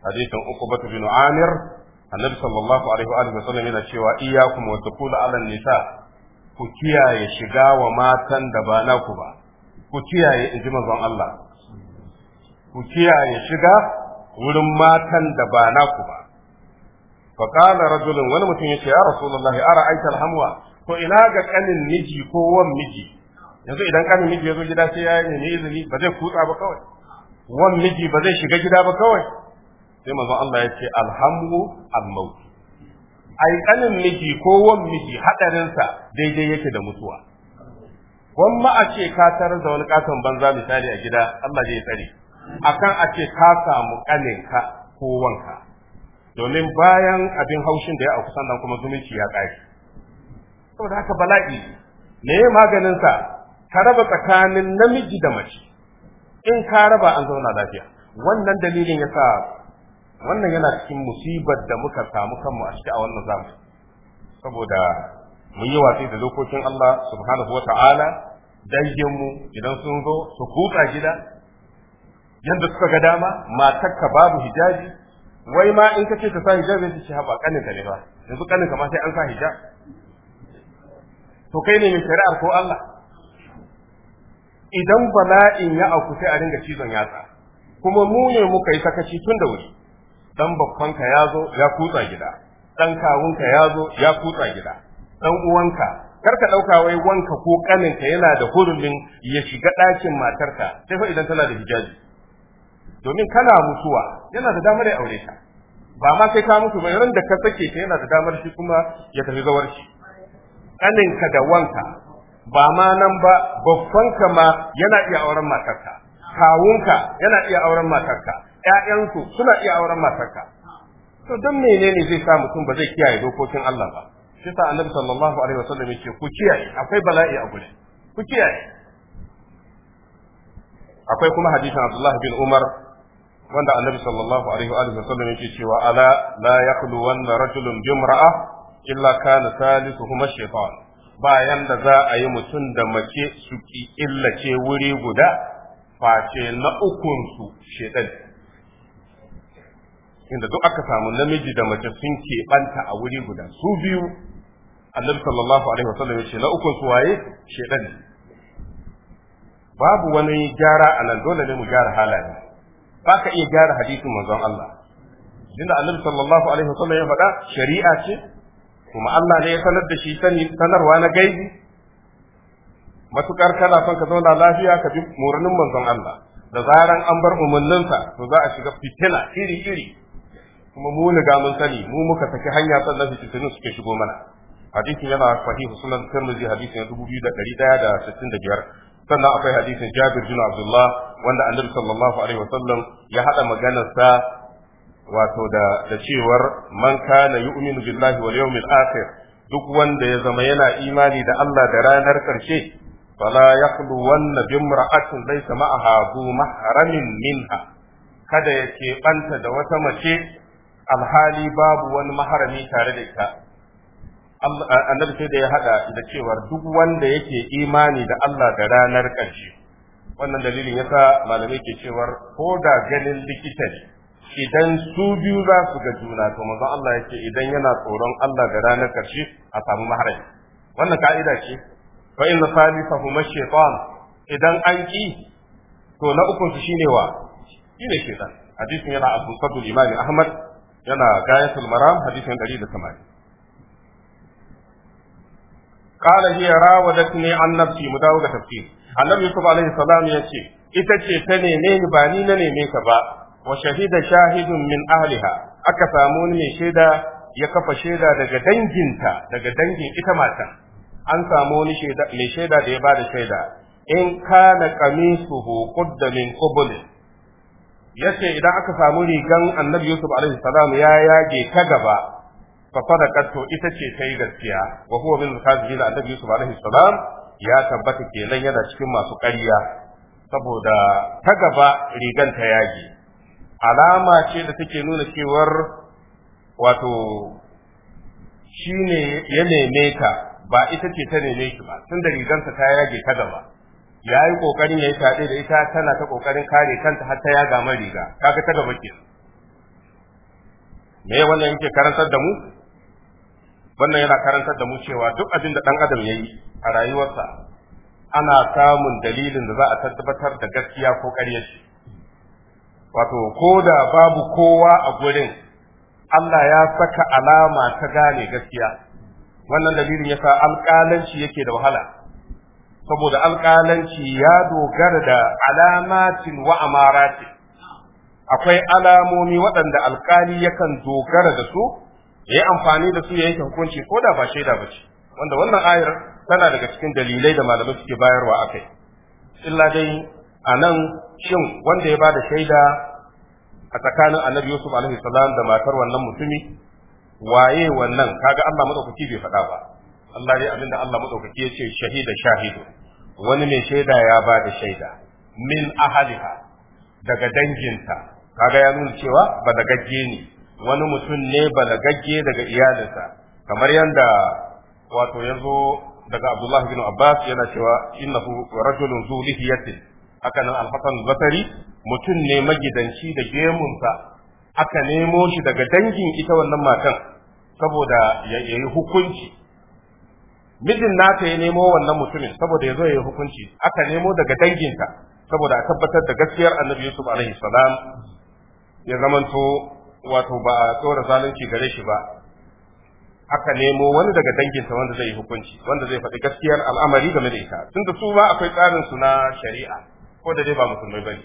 hadisin Uqbah bin Amir annabi sallallahu alaihi wa alihi wa sallam yana cewa iyyakum wa taqulu ala nisa ku kiyaye shiga wa matan da ba naku ba ku kiyaye inji manzon Allah ku kiyaye shiga wurin matan da ba naku ba fa qala rajulun wani mutum yace ya rasulullahi ara aita alhamwa to ina ga kanin miji ko wan miji yanzu idan kanin miji ya zo gida sai ya nemi izini ba zai kutsa ba kawai wan miji ba zai shiga gida ba kawai sai manzon Allah ya ce alhamdu al-maut ai kanin miji ko wan miji hadarin sa daidai yake da mutuwa gwamma a ce ka tarar da wani katon banza misali a gida Allah zai tsare akan a ce ka samu kaninka ko wanka domin bayan abin haushin da ya auku sannan kuma zumunci ya ƙare saboda haka bala'i ne maganin sa ka raba tsakanin namiji da mace in ka raba an zauna lafiya wannan dalilin ya sa wannan yana cikin musibar da muka samu kanmu a ciki a wannan zamu saboda mun yi watsi da dokokin Allah subhanahu wata'ala danginmu idan sun zo su kuka gida yadda suka ga dama matakka babu hijabi wai ma in ka ce ka sa hijab zai ce haɓa kaninka ne ba yanzu ka ma sai an sa hijab to kai ne mai shari'ar ko Allah idan bala'in ya auku sai a dinga cizon yatsa kuma mu ne muka yi sakaci tun da wuri dan babbanka ya zo ya kutsa gida dan kawunka ya zo ya kutsa gida dan uwanka kar ka dauka wai wanka ko kaninka yana da hurumin ya shiga ɗakin matarka sai fa idan tana da hijabi domin kana mutuwa yana da damar ya aure ta ba ma sai ka mutu ba, ran da ka sake ta yana da damar shi kuma ya tafi zawar shi ka da wanka ba ma nan ba ka ma yana iya auren matarka kawunka yana iya auren matarka ƴaƴansu suna iya auren matarka to don menene zai sa mutum ba zai kiyaye dokokin Allah ba shi sa annabi sallallahu alaihi wasallam yake ku kiyaye akwai bala'i a gure ku kiyaye akwai kuma hadisin Abdullah bin Umar wanda annabi sallallahu alaihi wa sallam yake cewa ala la yaqulu wanna rajulun bimra'a illa kana salisuhuma shaytan bayan da za a yi mutum da mace su ki ce wuri guda face na ukun su shaytan inda duk aka samu namiji da mace sun ke banta a wuri guda su biyu annabi sallallahu alaihi wasallam ya ce na ukun su waye shaytan babu wani gyara a nan dole ne mu gyara halaye ba ka iya gyara hadisin manzon Allah tunda annabi sallallahu alaihi wasallam ya faɗa shari'a ce kuma Allah ne ya sanar da shi sanarwa na gaibi matukar kana son ka zauna lafiya ka bi murnin manzon Allah da zaran an bar umarninsa to za a shiga fitina iri iri kuma mu ga mun sani mu muka saki hanya da fitinin suke shigo mana hadisin yana sahihu sunan tirmidhi hadisin 2165 sannan akwai hadisin Jabir bin Abdullah wanda Annabi sallallahu alaihi wasallam ya hada maganarsa wato da da cewar man kana yu'minu billahi wal yawmil akhir duk wanda ya zama yana imani da Allah da ranar karshe fala yaqdu wanna bimra'atin laysa ma'aha bu mahramin minha kada ya ɓanta da wata mace alhali babu wani maharami tare da ita annabi sai da ya hada da cewar duk wanda yake imani da Allah da ranar ƙarshe wannan dalilin yasa malamai ke cewar ko da ganin likita ne idan su biyu za su ga juna to manzon Allah yake idan yana tsoron Allah da ranar ƙarshe a samu maharai. wannan ka'ida ce fa inna salisahu shaytan idan an ki to na uku su shine wa shine shaytan hadisin yana abu sadul imam ahmad yana gayatul maram hadisin 180 qala hiya ne an nafsi mu dawo ga tafsir annabi yusuf alaihi itace ya ce ita ce ta neme ni ba ni na neme ka ba wa shahida shahidun min ahliha aka samu ni mai shaida ya kafa shaida daga danginta daga dangin ita mata. an samu wani mai shaida da ya ba da shaida in kana qamisuhu qudda min qubul yace idan aka samu rigan annabi yusuf alaihi salam ya yage ta gaba fa sadaqat ita ce ta yi gaskiya wa huwa min al-kadhibin annabi yusuf alaihi salam ya tabbata kenan yana cikin masu ƙarya saboda ta gaba rigan ta yage alama ce da take nuna cewar wato shine ya neme ta ba ita ce ta neme shi ba tunda rigansa ta yage ta gaba ya yi kokarin ya yi taɗe da ita tana ta kokarin kare kanta har ta yaga mai riga kaga ta gaba ke me wannan yake karantar da mu wannan yana karantar da mu cewa duk abin da dan adam yi a rayuwarsa ana samun dalilin da za a tabbatar da gaskiya ko ƙaryar shi wato ko da babu kowa a gurin Allah ya saka alama ta gane gaskiya wannan dalilin yasa alƙalanci yake da wahala saboda alƙalanci ya dogara da alamatin wa amaratin akwai alamomi waɗanda alƙali yakan dogara da su ya yi amfani da su ya yanke hukunci ko da ba shaida ba ce wanda wannan ayar tana daga cikin dalilai da malamai suke bayarwa a kai illa dai a nan shin wanda ya ba da shaida a tsakanin annabi yusuf alaihi salam da matar wannan mutumi waye wannan kaga Allah madaukaki bai faɗa ba Allah dai abinda Allah madaukaki ya ce shahida shahidu wani mai shaida ya ba da shaida min ahaliha daga danginta kaga ya nuna cewa ba da gagge ne wani mutum ne balagagge daga iyalinsa kamar yadda wato yazo daga Abdullahi bin Abbas yana cewa innahu rajulun zu lihiyatin haka nan alhasan hasan mutum ne magidanci da gemunsa aka nemo shi daga dangin ita wannan matan saboda ya yi hukunci mijin nata ya nemo wannan mutumin saboda ya zo ya yi hukunci aka nemo daga danginta saboda a tabbatar da gaskiyar annabi yusuf alaihi salam ya zamanto wato ba a tsora zalunci gare shi ba aka nemo wani daga danginsa wanda zai yi hukunci wanda zai faɗi gaskiyar al'amari game da ita tun da su ba akwai tsarin su na shari'a ko da dai ba musulmai ba ne.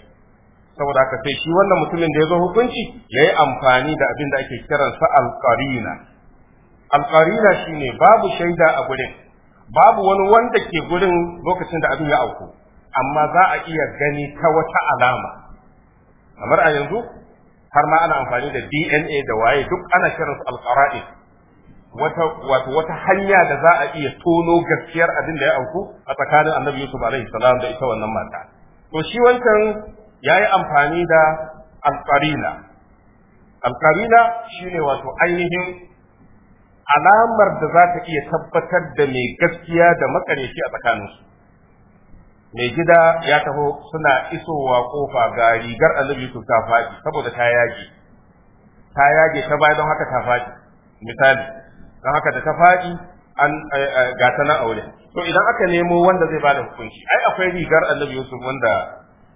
saboda haka sai shi wannan mutumin da ya zo hukunci ya yi amfani da abin da ake kiransa alƙarina alƙarina ne babu shaida a gurin babu wani wanda ke gurin lokacin da abin ya auku amma za a iya gani ta wata alama kamar a yanzu har ma ana amfani da DNA da waye duk ana kiransu alqara'in wata wata hanya da za a iya tono gaskiyar abin da ya auku a tsakanin Annabi Yusuf alaihi salam da ita wannan mata to shi wancan yayi amfani da alqarina alqarina shine wato ainihin alamar da za ta iya tabbatar da mai gaskiya da makareci a tsakaninsu mai gida ya taho suna isowa kofa ga rigar annabi su ta faɗi saboda ta yage ta yage ta baya don haka ta faɗi misali don haka da ta faɗi an eh, eh, ga ta na aure to idan aka nemo wanda zai bada hukunci ai akwai rigar annabi Yusuf wanda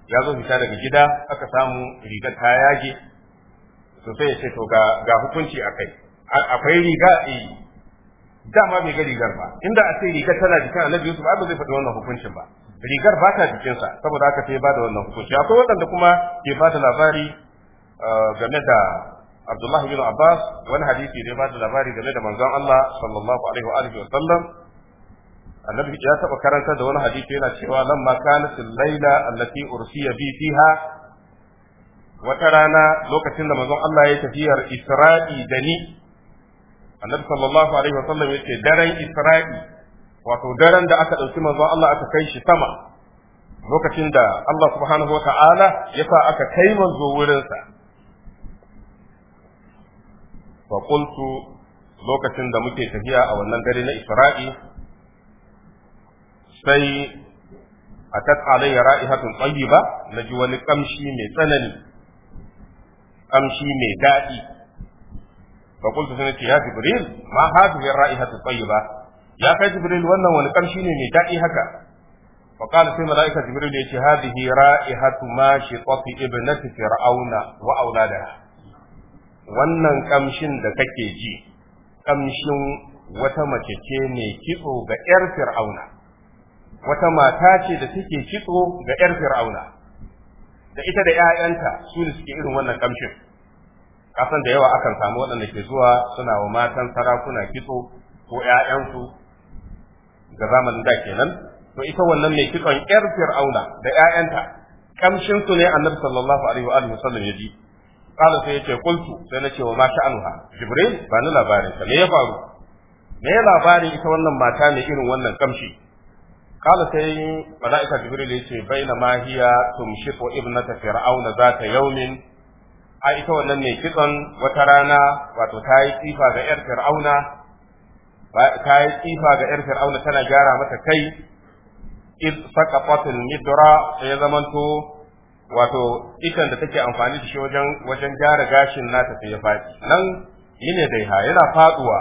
ya zo fita daga gida aka samu rigar ta yage to sai ya ce to ga ga hukunci akai akwai riga eh dama bai ga rigar ba inda a ce rigar tana jikin annabi Yusuf ba zai faɗi wannan hukuncin ba rigar ba ta jikinsa saboda aka sai ba da wannan hukunci akwai waɗanda kuma ke ba da labari uh, game da Abdullahi bin Abbas wani hadisi ne ba da labari game da manzon Allah sallallahu alaihi wa alihi wa sallam annabi ya taba karanta da wani hadisi yana cewa lamma kanat al-laila allati ursiya bi fiha wata rana lokacin da manzon Allah ya tafiyar Isra'i da ni annabi sallallahu alaihi wa sallam yace daren Isra'i wato daren da aka ɗauki manzon Allah aka kai shi sama lokacin da Allah subhanahu wa ta'ala ya sa aka kai manzo wurinsa fa qultu lokacin da muke tafiya a wannan dare na Isra'i sai atat alayya ra'ihatun tayyiba naji wani kamshi mai tsanani kamshi mai daɗi fa qultu sai ya jibril ma hadhihi ra'ihatu tayyiba ya kai jibril wannan wani kamshi ne mai daɗi haka fa qala sai malaika jibril ya ce hadhihi ra'ihatu ma shiqati ibnati fir'auna wa auladaha wannan kamshin da kake ji kamshin wata mace ce ne kitso ga yar fir'auna wata mata ce da take kitso ga yar fir'auna da ita da ƴaƴanta su ne suke irin wannan kamshin kasan da yawa akan samu waɗanda ke zuwa suna wa matan sarakuna kitso ko ƴaƴansu ga zamanin da kenan to ita wannan ne kitson yar fir'auna da ƴaƴanta kamshin su ne annabi sallallahu alaihi wa alihi wasallam yaji qala sai yace qultu sai ce wa ma sha'anuha jibril ba ni labarin ta me ya faru me ya labarin ita wannan mata ne irin wannan kamshi qala sai malaika jibril yace baina ma hiya tumshiqu ibnata fir'auna zata yawmin a ita wannan mai kitson wata rana wato ta yi tsifa ga yar fir'auna ta yi tsifa ga ‘yar fir'auna tana gyara mata kai iz saqafatil midra ya zamanto wato ikan da take amfani da shi wajen wajen gyara gashin nata sai ya faɗi nan yine dai ha yana faduwa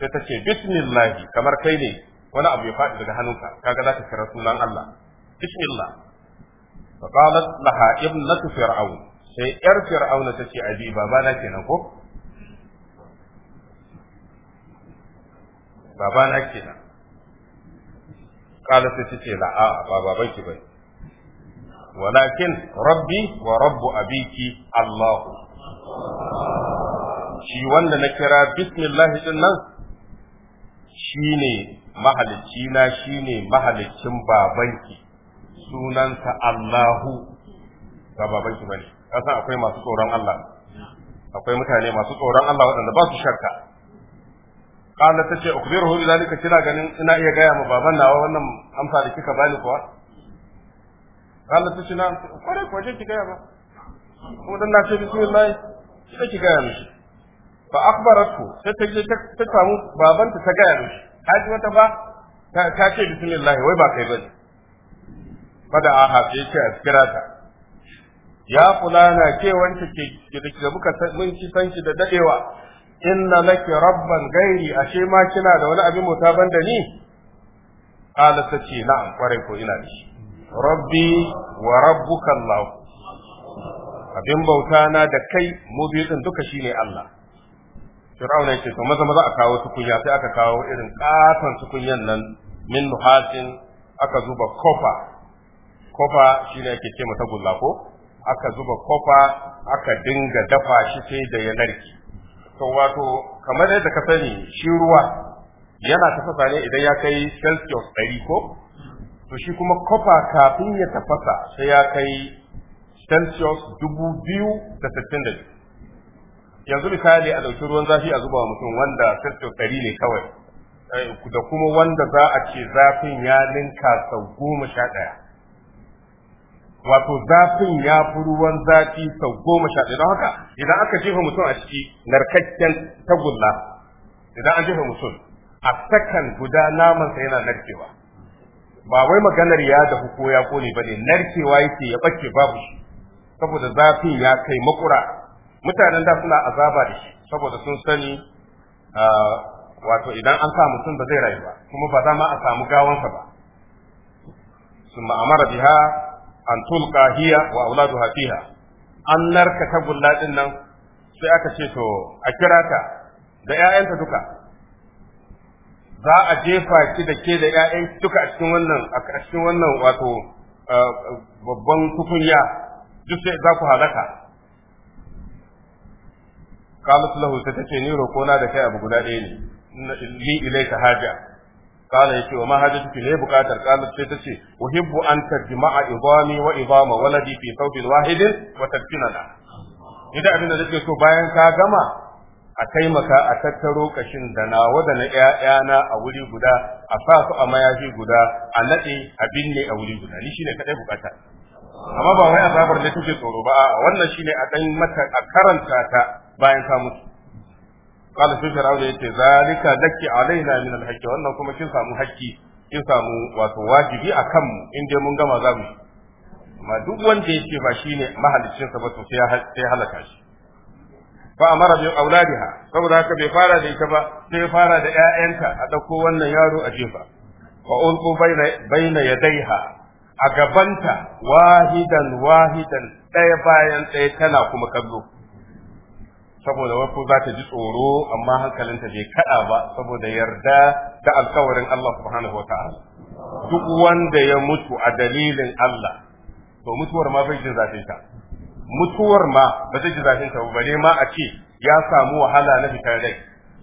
sai ta ce bismillah kamar kai ne wani abu ya faɗi daga hannunka kaga za ka kira sunan Allah bismillah fa qalat laha ibnatu fir'aun sai ‘yar fir'auna ta ce abi na kenan ko Baba ke kenan kala sai ce la a ba babanki bai walakin rabbi wa rabbu abiki Allah shi wanda na kira bismillah din nan shine mahalicci na shine mahaliccin babanki sunansa Allahu ba babanki bane kasan akwai masu tsoron Allah akwai mutane masu tsoron Allah waɗanda ba su shakka qala tace ukhbiruhu bidhalika kina ganin ina iya gaya ma baban nawa wannan amsa da kika bani kuwa qala tace na kware ko je ki gaya ba kuma dan na ce bismillah sai ki gaya mishi fa akhbaratu sai ta je ta samu babanta ta gaya mishi haji wata ba ta ce bismillah wai ba kai bane fada a sai ce a kira ta ya fulana ke wanda ke da muka mun ci da dadewa inna laki rabban gairi ashe ma kina da wani abin bauta ban da ni qala ta ce na kwarai ko ina da shi rabbi wa rabbuka allah abin bauta na da kai mu biyu din duka shine Allah Fir'auna yake to maza maza a kawo tukunya sai aka kawo irin katon tukunyan nan min nuhasin aka zuba kofa kofa shine yake ce mata gulla ko aka zuba kofa aka dinga dafa shi sai da ya narki. to wato kamar yadda ka sani shi ruwa yana tafasa ne idan ya kai celsius ɗari ko to shi kuma kofa kafin ya tafasa sai ya kai celsius dubu biyu da sittin da biyu yanzu misali a ɗauki ruwan zafi a zuba wa mutum wanda celsius ɗari ne kawai eh, da kuma wanda za a ce zafin ya ninka sau goma sha ɗaya wato zafin ya fi ruwan zafi sau goma sha ɗaya don haka idan aka jefa mutum a ciki narkakken tagulla idan an jefa mutum a sakan guda namansa yana narkewa ba wai maganar ya dahu ko ya kone ba ne narkewa yake ya ɓace babu shi saboda zafin ya kai makura mutanen da suna azaba da shi saboda sun sani wato idan an sa mutum ba zai rayu ba kuma ba za ma a samu gawansa ba sun ma'amara biha an tulqa hiya wa auladu hafiha an narka tagulla din nan sai aka ce to a kira ta da ƴaƴanta duka za a jefa ki da ke da ƴaƴan duka a cikin wannan a cikin wannan wato babban tukunya duk sai za ku halaka qalat lahu sai ce ni roƙona da kai abu guda ɗaya ne li ilaika haja قال يتي وما حاجتك ليه بكاتر قالت سيتتي أحب أن تجمع عظامي وعظام ولدي في ثوب واحد وتدفننا إذا أبنا ذلك سو باين كاغما أتيمكا أتترو كشن دنا ودنا إيانا أولي قدا أفاق أمياجي قدا أنتي أبني أولي قدا لشيني كده بكاتر amma ba wai azabar da take tsoro ba a wannan shine a dan mata a karanta ta bayan ta mutu قال في فرعون يتي ذلك لك علينا من الحج wannan kuma kin samu haƙƙi kin samu wato wajibi a kanmu in mun gama za mu amma duk wanda ya ce ba shine mahaliccin sa ba to ya halaka shi fa amara bi auladiha saboda haka bai fara da ita ba sai ya fara da ƴaƴanta a ɗauko wannan yaro a jefa wa ulqu baina baina yadaiha a gabanta wahidan wahidan ɗaya bayan ɗaya tana kuma kallo saboda wasu za ta ji tsoro amma hankalinta bai kada ba saboda yarda da alkawarin Allah subhanahu duk wanda ya mutu a dalilin Allah to mutuwar ma bai jin zafin ta mutuwar ma ba zai ji zafin ta bare ma a ce ya samu wahala na fitar rai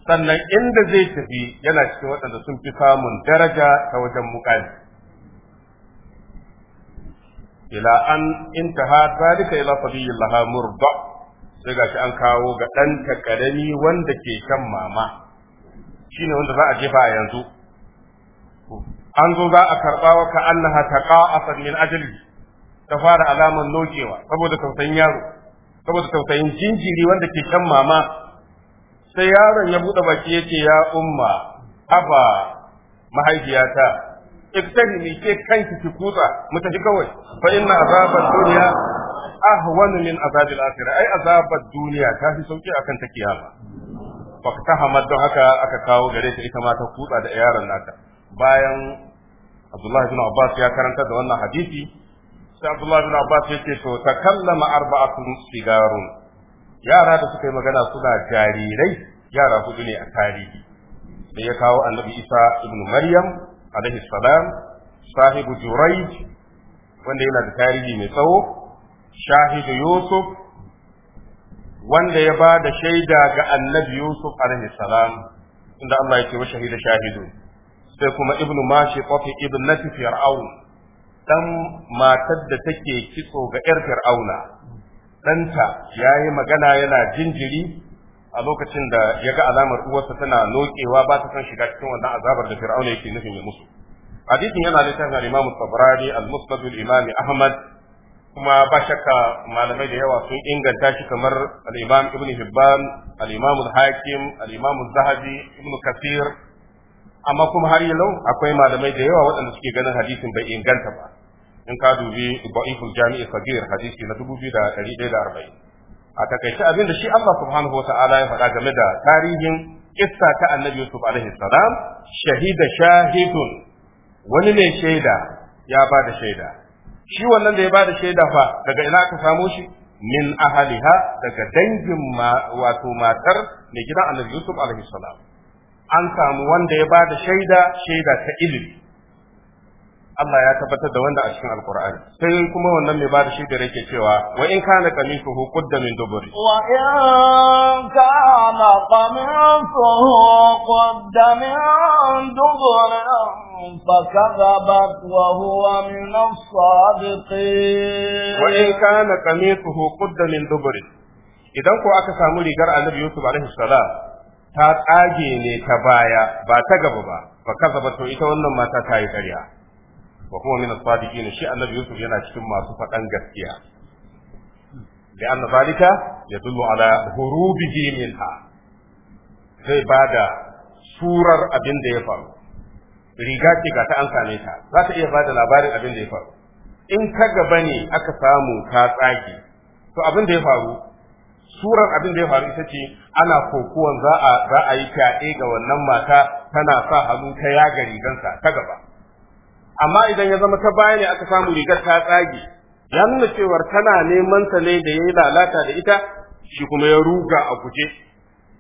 sannan inda zai tafi yana cikin waɗanda sun fi samun daraja ta wajen mukami ila an intaha zalika ila sabiyyi laha murda sai gashi an kawo ga ɗan takarami wanda ke kan mama shine wanda za a jefa a yanzu an zo za a karɓa wa ka annaha taqa'afan min ajli ta fara alamar nokewa saboda tausayin yaro saboda tausayin jinjiri wanda ke kan mama sai yaron ya buɗe baki yake ya umma aba mahaifiyata iktani ne ke kanki ki kutsa mu tafi kawai fa inna azabad dunya ahwanu min azabil akhirah ai azabar duniya ta fi sauki akan ta kiyama Hamad don haka aka kawo gare ta ita ma ta kutsa da yaron naka bayan Abdullahi bin Abbas ya karanta da wannan hadisi sai Abdullahi bin Abbas ya ce to takallama arba'atun sigarun yara da suka yi magana suna jarirai yara hudu ne a tarihi sai ya kawo Annabi Isa ibn Maryam alaihi salam sahibu Jurayj wanda yana da tarihi mai tsawo shahidu yusuf wanda ya ba da shaida ga annabi yusuf alaihi salam inda Allah ya ce wa shahida shahidu sai kuma ibnu mashi qafi ibnati fir'aun dan matar da take kitso ga yar fir'auna ɗanta yayi magana yana jinjiri a lokacin da ya ga alamar uwarsa tana lokewa, ba ta son shiga cikin wannan azabar da fir'auna yake nufin ya musu hadisin yana littafin al-imam al-tabrani al-musnad al-imam ahmad kuma ba shakka malamai da yawa sun inganta shi kamar al-Imam Ibn Hibban, al-Imam al-Hakim, al-Imam al-Zahabi, Ibn Kathir amma kuma har yau akwai malamai da yawa waɗanda suke ganin hadisin bai inganta ba in ka dubi Ba'iful Jami'i Kabir hadisi na 2140 a takaice abin da shi Allah subhanahu wa ya faɗa game da tarihin kissa ta Annabi Yusuf alaihi salam shahida shahidun wani ne shaida ya ba da shaida shi wannan da ya bada shaida fa daga ina aka samo shi min ahaliha daga dangin wato matar mai gidan annabi yusuf alaihi salam an samu wanda ya bada shaida shaida ta ilimi Allah ya tabbatar da wanda a cikin Alkur'ani sai kuma wannan mai bada shi da yake cewa wa in kana qamisuhu qudda min duburi wa in kana qamisuhu qudda min duburi فكذبت وهو من الصادقين وإن كان قميصه قد من دبر idan ko aka samu rigar annabi Yusuf alaihi salam ta tsage ne ta baya ba ta gaba ba fa kaza ba to ita wannan mata ta yi ƙarya wa kuma min as-sadiqin shi annabi yusuf yana cikin masu faɗan gaskiya da anna zalika yadullu ala hurubihi minha zai bada surar abin da ya faru riga ce ga ta an same ta za ta iya bada labarin abin da ya faru in ka gaba ne aka samu ka tsage to abin da ya faru surar abin da ya faru ita ce ana kokuwan za a za a yi fyaɗe ga wannan mata tana sa hannu ta yaga rigansa ta gaba amma idan ya zama ta baya ne aka samu rigar ta tsage ya nuna cewa tana neman ta ne da ya yi lalata da ita shi kuma ya ruga a guje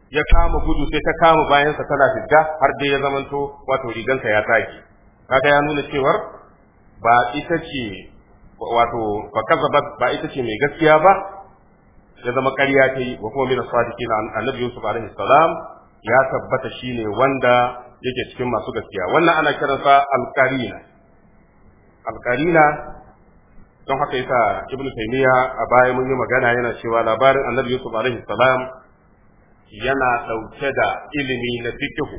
ya kama gudu sai ta kama bayansa tana fidda har dai ya to wato ta ya tsage kaga ya nuna cewar ba ita ce wato ba kaza ba ita ce mai gaskiya ba ya zama ƙarya ta yi wa kuma sadiki na annabi yusuf alaihi salam ya tabbata shine wanda yake cikin masu gaskiya wannan ana kiransa alqarina alkarina don haka yasa ibnu taymiya a baya mun yi magana yana cewa labarin annabi yusuf alaihi salam yana ɗauke da ilimi na fiqhu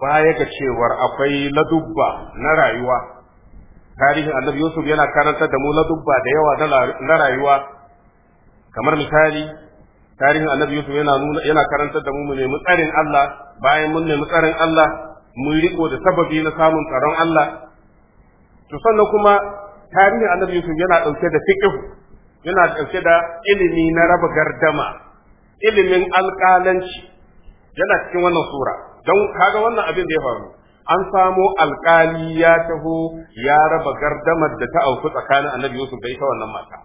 baya ga cewar akwai ladubba na rayuwa tarihin annabi yusuf yana karantar da mu ladubba da yawa na rayuwa kamar misali tarihin annabi yusuf yana nuna yana karantar da mu mu nemi tsarin Allah bayan mun nemi tsarin Allah mun riko da sababi na samun tsaron Allah to sannan kuma tarihin annabi yusuf yana ɗauke da fiqh yana ɗauke da ilimi na raba gardama ilimin alƙalanci yana cikin wannan sura don kaga wannan abin da ya faru an samo alƙali ya taho ya raba gardamar da ta auku tsakanin annabi yusuf da ita wannan mata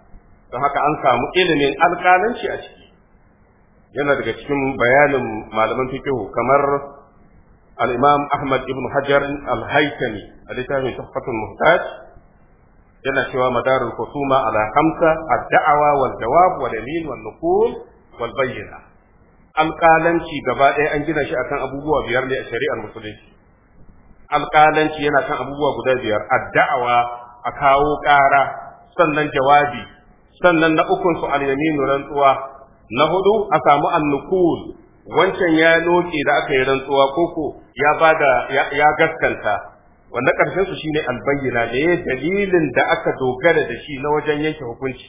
don haka an samu ilimin alƙalanci a ciki yana daga cikin bayanin malaman fiqh kamar al-imam ahmad ibn hajar al-haytami a littafin tuhfatul muhtaj yana cewa madarul khusuma ala hamsa ad-da'wa wal jawab wal wal nuqul wal bayyina alƙalanci gaba ɗaya an gina shi akan abubuwa biyar ne a shari'ar musulunci alƙalanci yana kan abubuwa guda biyar ad-da'wa a kawo ƙara sannan jawabi sannan na ukun su rantsuwa na hudu a samu an wancan ya loke da aka yi rantsuwa koko ya bada ya gaskanta wanda karshen su shine albayyana da ya dalilin da aka dogara da shi na wajen yanke hukunci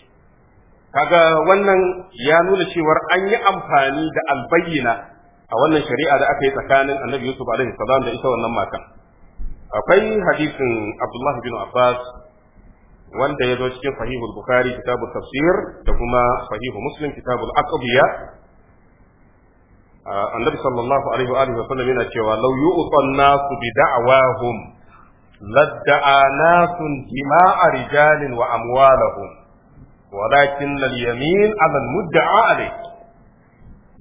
kaga wannan ya nuna cewar an yi amfani da albayyana a wannan shari'a da aka yi tsakanin annabi yusuf alaihi salam da ita wannan matan akwai hadisin abdullahi bin abbas wanda ya zo cikin sahihul bukhari kitabul tafsir da kuma sahihul muslim kitabul aqdiya annabi sallallahu alaihi wa alihi sallam yana cewa law yu'tan nasu bi da'wahum ladda'a nasun dima'a rijalin wa amwalahum walakin al-yamin 'ala al-mudda'a alayhi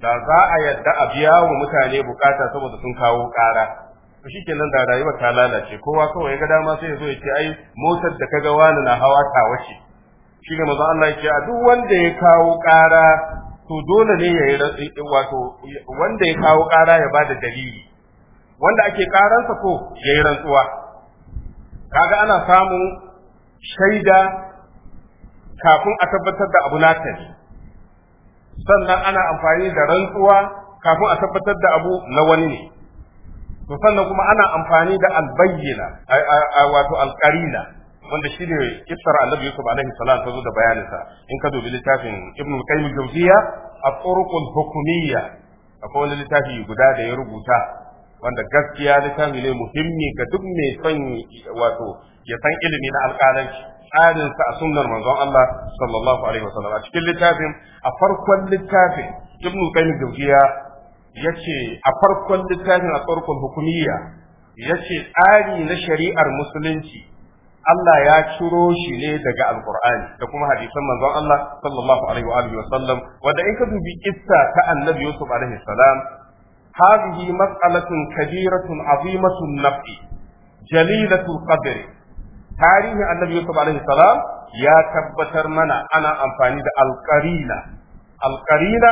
da za a yadda a biya wa mutane bukata saboda sun kawo ƙara to shikenan da rayuwa ta lalace kowa kawai ya ga dama sai ya zo ya ce ai motar da kaga wani na hawa ta wace shi ga Allah yake a duk wanda ya kawo ƙara to dole ne ya yi wato wanda ya kawo ƙara ya ba da dalili wanda ake ƙaransa ko ya yi rantsuwa kaga ana samun shaida kafin a tabbatar da abu nata ne sannan ana amfani da rantsuwa kafin a tabbatar da abu na wani ne to sannan kuma ana amfani da albayyana wato alƙarina wanda shi ne kissar annabi yusuf alaihi salam ta zo da bayaninsa in ka dubi littafin ibn qayyim al-jawziyya at-turuqul hukumiyya akwai wani littafi guda da ya rubuta wanda gaskiya littafi ne muhimmi ga duk mai son wato ya san ilimi na alƙalanci tsarin sa a sunnar manzon Allah sallallahu alaihi wasallam a cikin littafin a farkon littafin ibn qayyim al-jawziyya yace a farkon littafin a turuqul hukumiyya yace tsari na shari'ar musulunci Allah ya ciro shi ne daga Alƙur'ani da kuma hadisan manzon Allah sallallahu alaihi wa alihi wa sallam wanda in ka dubi kissa ta Annabi Yusuf alaihi salam hadhihi mas'alatun kabiratun azimatun nafi jalilatul qadri tarihi Annabi Yusuf alaihi salam ya tabbatar mana ana amfani da alqarina alqarina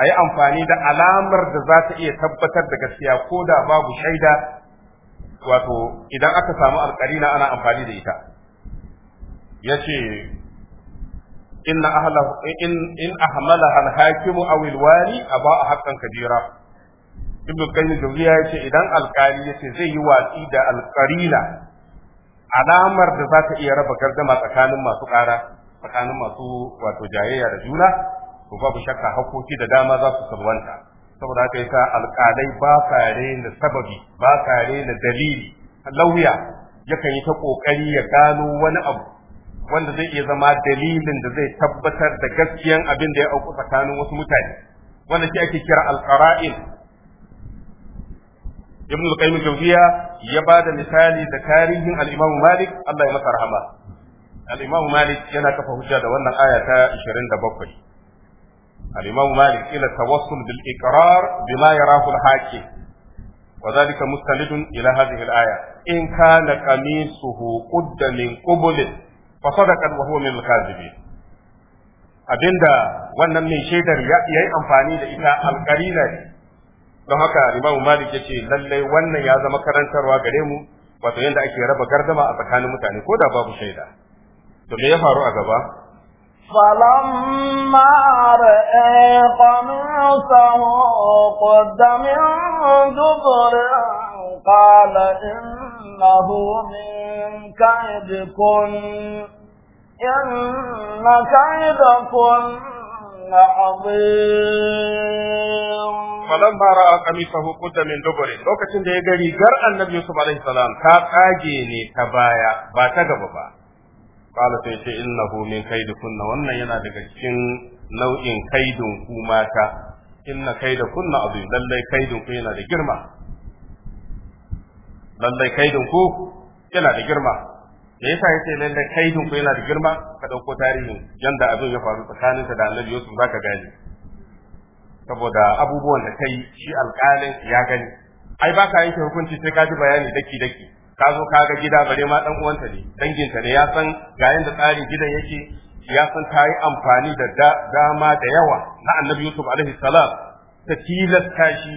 ayi amfani da alamar da za ta iya tabbatar da gaskiya da babu shaida wato idan aka samu alƙarina ana amfani da ita yace inna ahla in in ahmala al-hakimu aw al-wali aba haqqan kabira ibnu qayyim jawziya yace idan alqari yace zai yi watsi da alqarina alamar da za ta iya raba gardama tsakanin masu ƙara tsakanin masu wato jayayya da juna to babu shakka hakoki da dama za su salwanta saboda haka yasa alƙalai ba kare na sababi ba kare na dalili lauya yakan yi ta kokari ya gano wani abu wanda zai iya zama dalilin da zai tabbatar da gaskiyan abin da ya auku tsakanin wasu mutane wanda shi ake kira alqara'in ibn al-qayyim jawziya ya bada misali da tarihin al-imam malik Allah ya masa rahama al-imam malik yana kafa hujja da wannan aya ta 27 الإمام مالك إلى التوصل بالإقرار بما يراه الحاكم وذلك مستند إلى هذه الآية إن كان قميصه قد من قبل فصدقت وهو من الكاذبين abinda wannan mai shaidar ya yi amfani da ita alƙarina ne don haka limamu malik ya ce lallai wannan ya zama karantarwa gare mu wato yadda ake raba gardama a tsakanin mutane ko da babu shaida to me ya faru a gaba Falan ba ra'a ƙamin sahu, ƙuddamin duburi. Kala in na huni kai da kun, a wuye. Falan ba ra'a ƙamin sahu, Lokacin da ya gari, gar Allah Yusuf Alayhi Salaam ta kaje ne ta baya. Ba ta gaba ba. qala sai ce innahu min kaidikunna wannan yana daga cikin nau'in kaidin ku mata inna kaidakunna azim lallai kaidin ku yana da girma lallai kaidin ku yana da girma da yasa yace lallai kaidin ku yana da girma ka dauko tarihin yanda abin ya faru tsakaninka da Annabi Yusuf zaka gane saboda abubuwan da kai shi alƙalin ya gani ai baka yanke hukunci sai ka ji bayani daki daki ka zo ka ga gida bare ma dan uwanta ne danginta ne ya san ga yanda tsari gidan yake ya san ta amfani da dama da yawa na annabi yusuf alaihi salam ta tilasta shi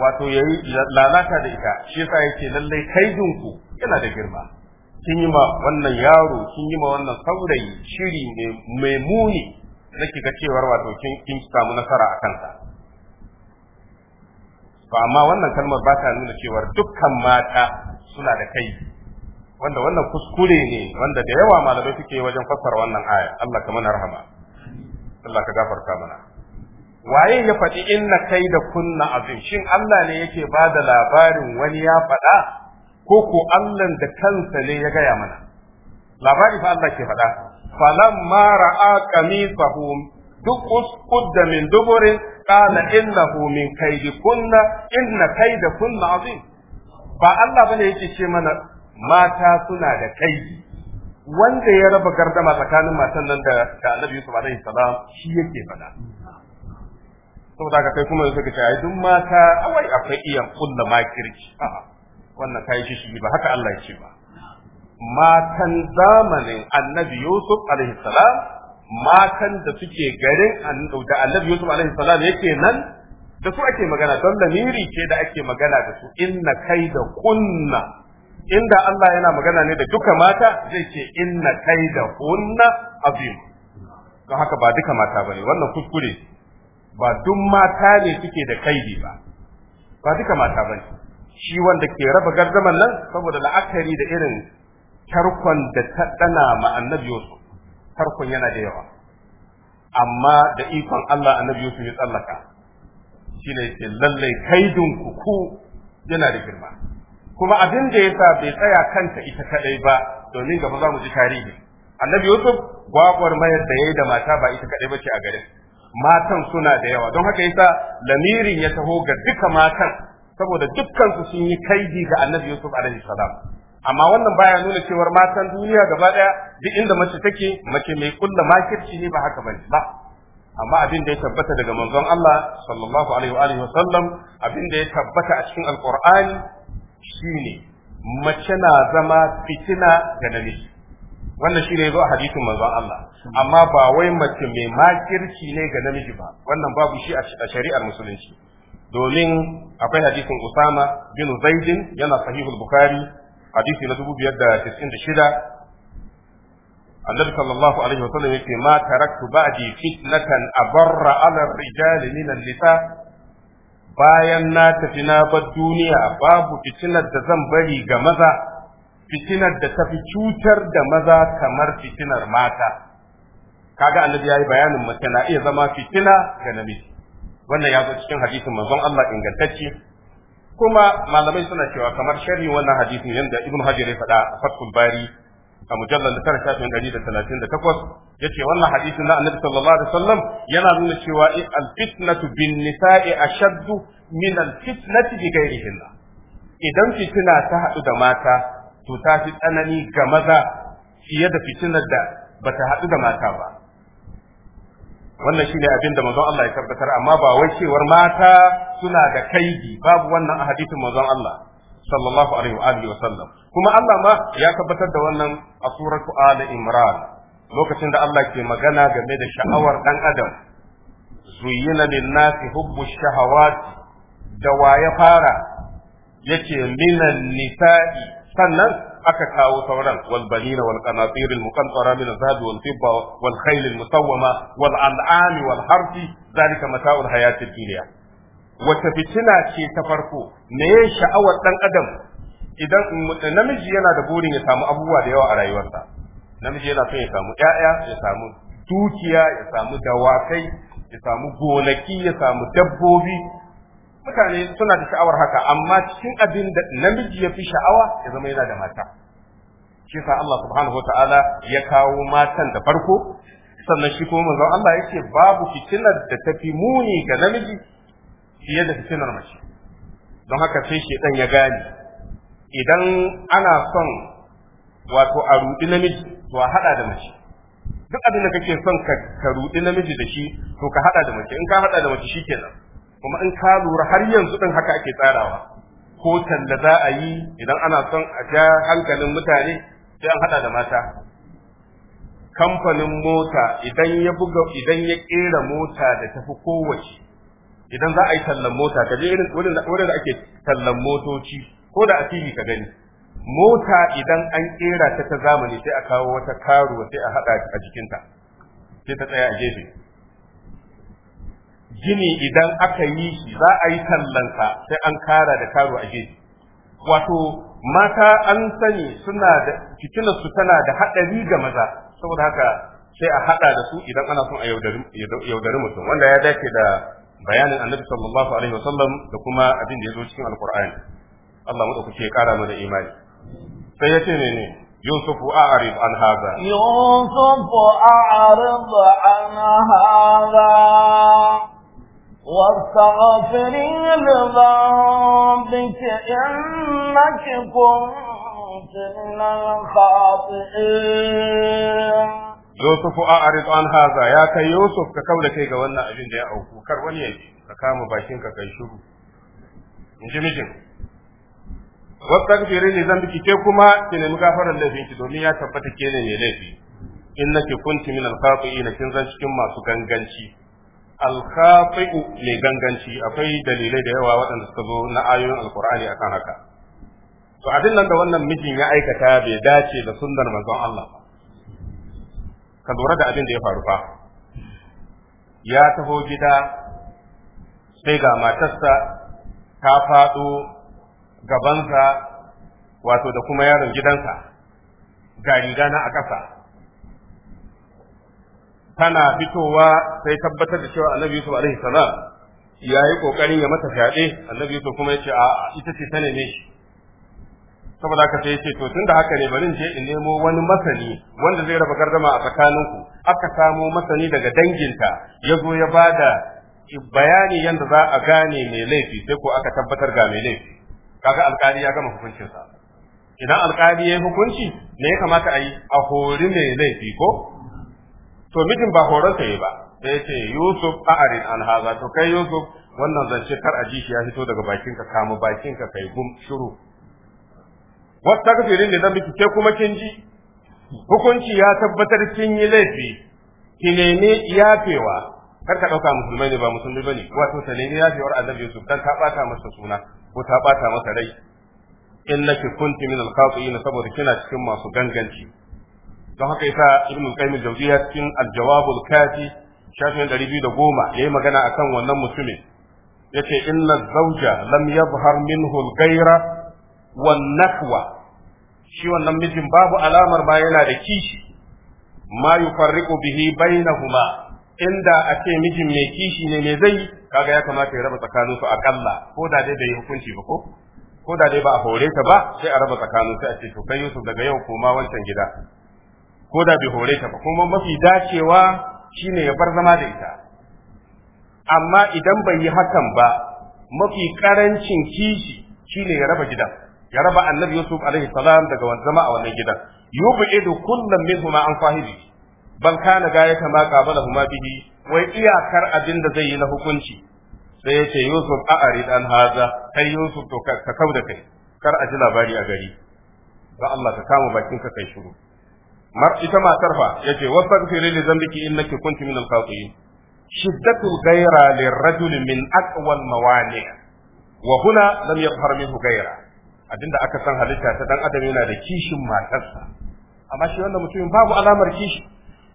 wato yayi lalata da ita shi yasa yake lallai ku yana da girma kin yi ma wannan yaro kin yi ma wannan saurayi shiri mai muni nake ga cewar wato kin samu nasara a kanta. ba amma wannan kalmar ba ta nuna cewa dukkan mata suna da kai wanda wannan kuskure ne wanda da yawa malamai suke wajen fassara wannan aya Allah ka mana rahama Allah ka gafarta mana waye ya faɗi inna kai da kunna azim shin Allah ne yake ba da labarin wani ya faɗa ko ko Allah da kansa ne ya gaya mana labari fa Allah ke faɗa falamma ra'a qamisahu duk usqud min duburin qala innahu min kaydikunna inna kaydakunna azim ba Allah bane yake ce mana mata suna da kaidi wanda ya raba gardama tsakanin matan nan da da Annabi Yusuf alaihi salam shi yake faɗa saboda haka kai kuma yanzu kace duk mata awai akwai iya kulla makirci wannan kai shi shi ba haka Allah ya ce ba matan zamanin Annabi Yusuf alaihi salam matan da suke garin da annabi yusuf alaihi salam yake nan da su ake magana don lamiri ce da ake magana da su inna kai da kunna inda Allah yana magana ne da duka mata zai ce inna kai da kunna abin don haka ba duka mata bane wannan kuskure ba duk mata ne suke da kaidi ba ba duka mata bane shi wanda ke raba gardaman nan saboda la'akari da irin tarkon da ta dana ma annabi Yusuf tarkon yana da yawa amma da ikon Allah annabi Yusuf ya tsallaka shi ne yace lallai kaidun ku ku yana da girma kuma abin da yasa bai tsaya kanta ita kadai ba domin gaba za mu ji tarihi annabi Yusuf gwagwar mayar da yayi da mata ba ita kadai ba ce a garin matan suna da yawa don haka yasa lamirin ya taho ga duka matan saboda dukkan su sun yi kaidi ga annabi Yusuf alaihi salam amma wannan baya nuna cewar matan duniya gaba daya duk inda mace take mace mai kulla makirci ne ba haka bane ba amma abin da ya tabbata daga manzon Allah sallallahu alaihi wa alihi wasallam abin da ya tabbata a cikin alqur'ani shine mace na zama fitina ga namiji wannan shi ne zo a hadisin manzon Allah amma ba wai mace mai makirci ne ga namiji ba wannan babu shi a shari'ar musulunci domin akwai hadisin Usama bin Zaidin yana sahihul Bukhari hadisi na dubu biyar da tisin da shida annabi sallallahu alaihi wa sallam yake ma taraktu ba'di fitnatan abarra ala ar nisa bayan na tafi na bar duniya babu fitinar da zan bari ga maza fitinar da tafi cutar da maza kamar fitinar mata kaga annabi yayi bayanin mace na iya zama fitina ga namiji wannan ya zo cikin hadisin manzon Allah ingantacce kuma malamai suna cewa kamar sharhi wannan hadisin yanda ibnu hajar ya faɗa a fathul bari a mujallar da tara shafin ɗari da talatin da takwas ya ce wannan hadisin na annabi sallallahu alaihi wasallam yana nuna cewa alfitnatu bin nisa'i ashaddu min alfitnati bi ghairihinna idan fitina ta haɗu da mata to ta fi tsanani ga maza fiye da fitinar da bata haɗu da mata ba wannan shine abin da manzon Allah ya tabbatar amma ba wai cewar mata suna da kaidi babu wannan a hadisin manzon Allah sallallahu alaihi wa alihi kuma Allah ma ya tabbatar da wannan a suratu Ali Imran lokacin da Allah ke magana game da sha'awar dan adam zuyina lin-nasi hubbu shahawat da wa ya fara yace minan nisa'i sannan aka kawo sauran wal banina wal qanatir al muqantara min al zahab wal fidda wal khayl al musawwama wal an'am wal harfi zalika mata'u al hayat al dunya wata fitina ce ta farko me sha'awar dan adam idan namiji yana da burin ya samu abubuwa da yawa a rayuwarsa namiji yana son ya samu ƴaƴa ya samu dukiya ya samu dawakai ya samu gonaki ya samu dabbobi mutane suna da sha'awar haka amma cikin abin da namiji ya fi sha'awa ya zama yana da mata shi sa Allah subhanahu wataala ya kawo matan da farko sannan shi kuma manzon Allah yake babu fitinar da ta fi muni ga namiji fiye da fitinar mace don haka sai shedan ya gane idan ana son wato a rudi namiji to a hada da mace duk abin da kake son ka rudi namiji da shi to ka hada da mace in ka hada da mace shikenan kuma in ka lura har yanzu din haka ake tsarawa ko da za a yi idan ana son a ja hankalin mutane sai an hada da mata kamfanin mota idan ya buga idan ya kera mota da tafi kowace idan za a yi tallan mota ka je irin wurin da ake tallan motoci ko da a TV ka gani mota idan an kera ta ta zamani sai a kawo wata karuwa sai a hada a jikinta sai ta tsaya a gefe gini idan aka yi shi za a yi tallansa sai an kara da karo a gefe wato mata an sani suna da su tana da haɗari ga maza saboda haka sai a haɗa da su idan ana son a yaudari mutum wanda ya dace da bayanin annabi sallallahu alaihi wasallam da kuma abin da ya zo cikin alqur'ani Allah madaukake ya kara mana imani sai ya ce ne يوسف أعرض عن هذا يوسف أعرض عن هذا واستغفري لذنبك إنك كنت من الخاطئين Yusufu a arid an haza ya kai Yusuf ka kaula kai ga wannan abin da ya auku kar wani ya ka kama bakin ka kai shiru in ji mijin wastaghfiri li dhanbiki ke kuma ki nemi gafarar laifin ki domin ya tabbata ke ne mai laifi innaki kunti min al-khati'ina kin zan cikin masu ganganci alkhafi'u mai ganganci akwai dalilai da yawa waɗanda suka zo na ayoyin alkur'ani akan haka to abin nan da wannan mijin ya aikata bai dace da sunnar manzon Allah ka lura da abin da ya faru fa ya taho gida sai ga matarsa ta faɗo gabansa wato da kuma yaron gidansa ga rigana a ƙasa tana fitowa sai tabbatar da cewa annabi Yusuf alaihi salam ya yi kokarin ya mata fyaɗe annabi Yusuf kuma ya ce a ita ce ta neme shi saboda haka sai ya ce to tunda haka ne bari in je in nemo wani masani wanda zai raba gardama a tsakaninku aka samo masani daga danginta ya zo ya bada bayani yadda za a gane mai laifi sai ko aka tabbatar ga mai laifi kaga alkali ya gama hukuncinsa idan alkali ya yi hukunci me ya kamata a yi a hori mai laifi ko to mijin ba horon sa yi ba sai ya ce Yusuf a'arin an haza to kai Yusuf wannan zance kar a ji ya fito daga bakinka kamu bakinka kai gum shiru wata kafirin da biki ke kuma kin ji hukunci ya tabbatar kin yi laifi ki nemi yafewa kar ka ɗauka musulmai ne ba musulmi ba ne wato ta nemi yafewar annabi Yusuf dan ta bata masa suna ko ta bata masa rai innaki kunti min al saboda kina cikin masu ganganci don haka yasa ibn qayyim al-jawziyya cikin al-jawab al-kafi shafin 210 yayi magana akan wannan mutumin yace inna zawja lam yadhhar minhu al-ghayra wan nahwa shi wannan mijin babu alamar ba yana da kishi ma yufarriqu bihi bainahuma inda a ce mijin mai kishi ne me zai kaga ya kamata ya raba tsakanin su akalla ko da dai bai hukunci ba ko ko da dai ba a hore ta ba sai a raba tsakanin su a ce to kai Yusuf daga yau koma wancan gida ko da bai hore ta ba kuma mafi dacewa shine ya bar zama da ita amma idan bai yi hakan ba mafi karancin kishi shine ya raba gidan ya raba annabi yusuf alaihi salam daga zama a wannan gidan yub'idu kullam minhuma an fahidi bal kana gayata ma huma bihi wai iyakar abin da zai yi na hukunci sai yace yusuf a'ari dan haza kai yusuf to ka kauda kai kar a ji labari a gari ga Allah ka kama bakin ka kai shiru mar ita matar fa yace wastaghfiri li dhanbiki innaki kunti min al-khati'in shiddatu ghayra lirajul min aqwa al-mawani wa huna lam yadhhar minhu ghayra abinda aka san halitta ta dan adam yana da kishin matarsa amma shi wannan mutumin babu alamar kishi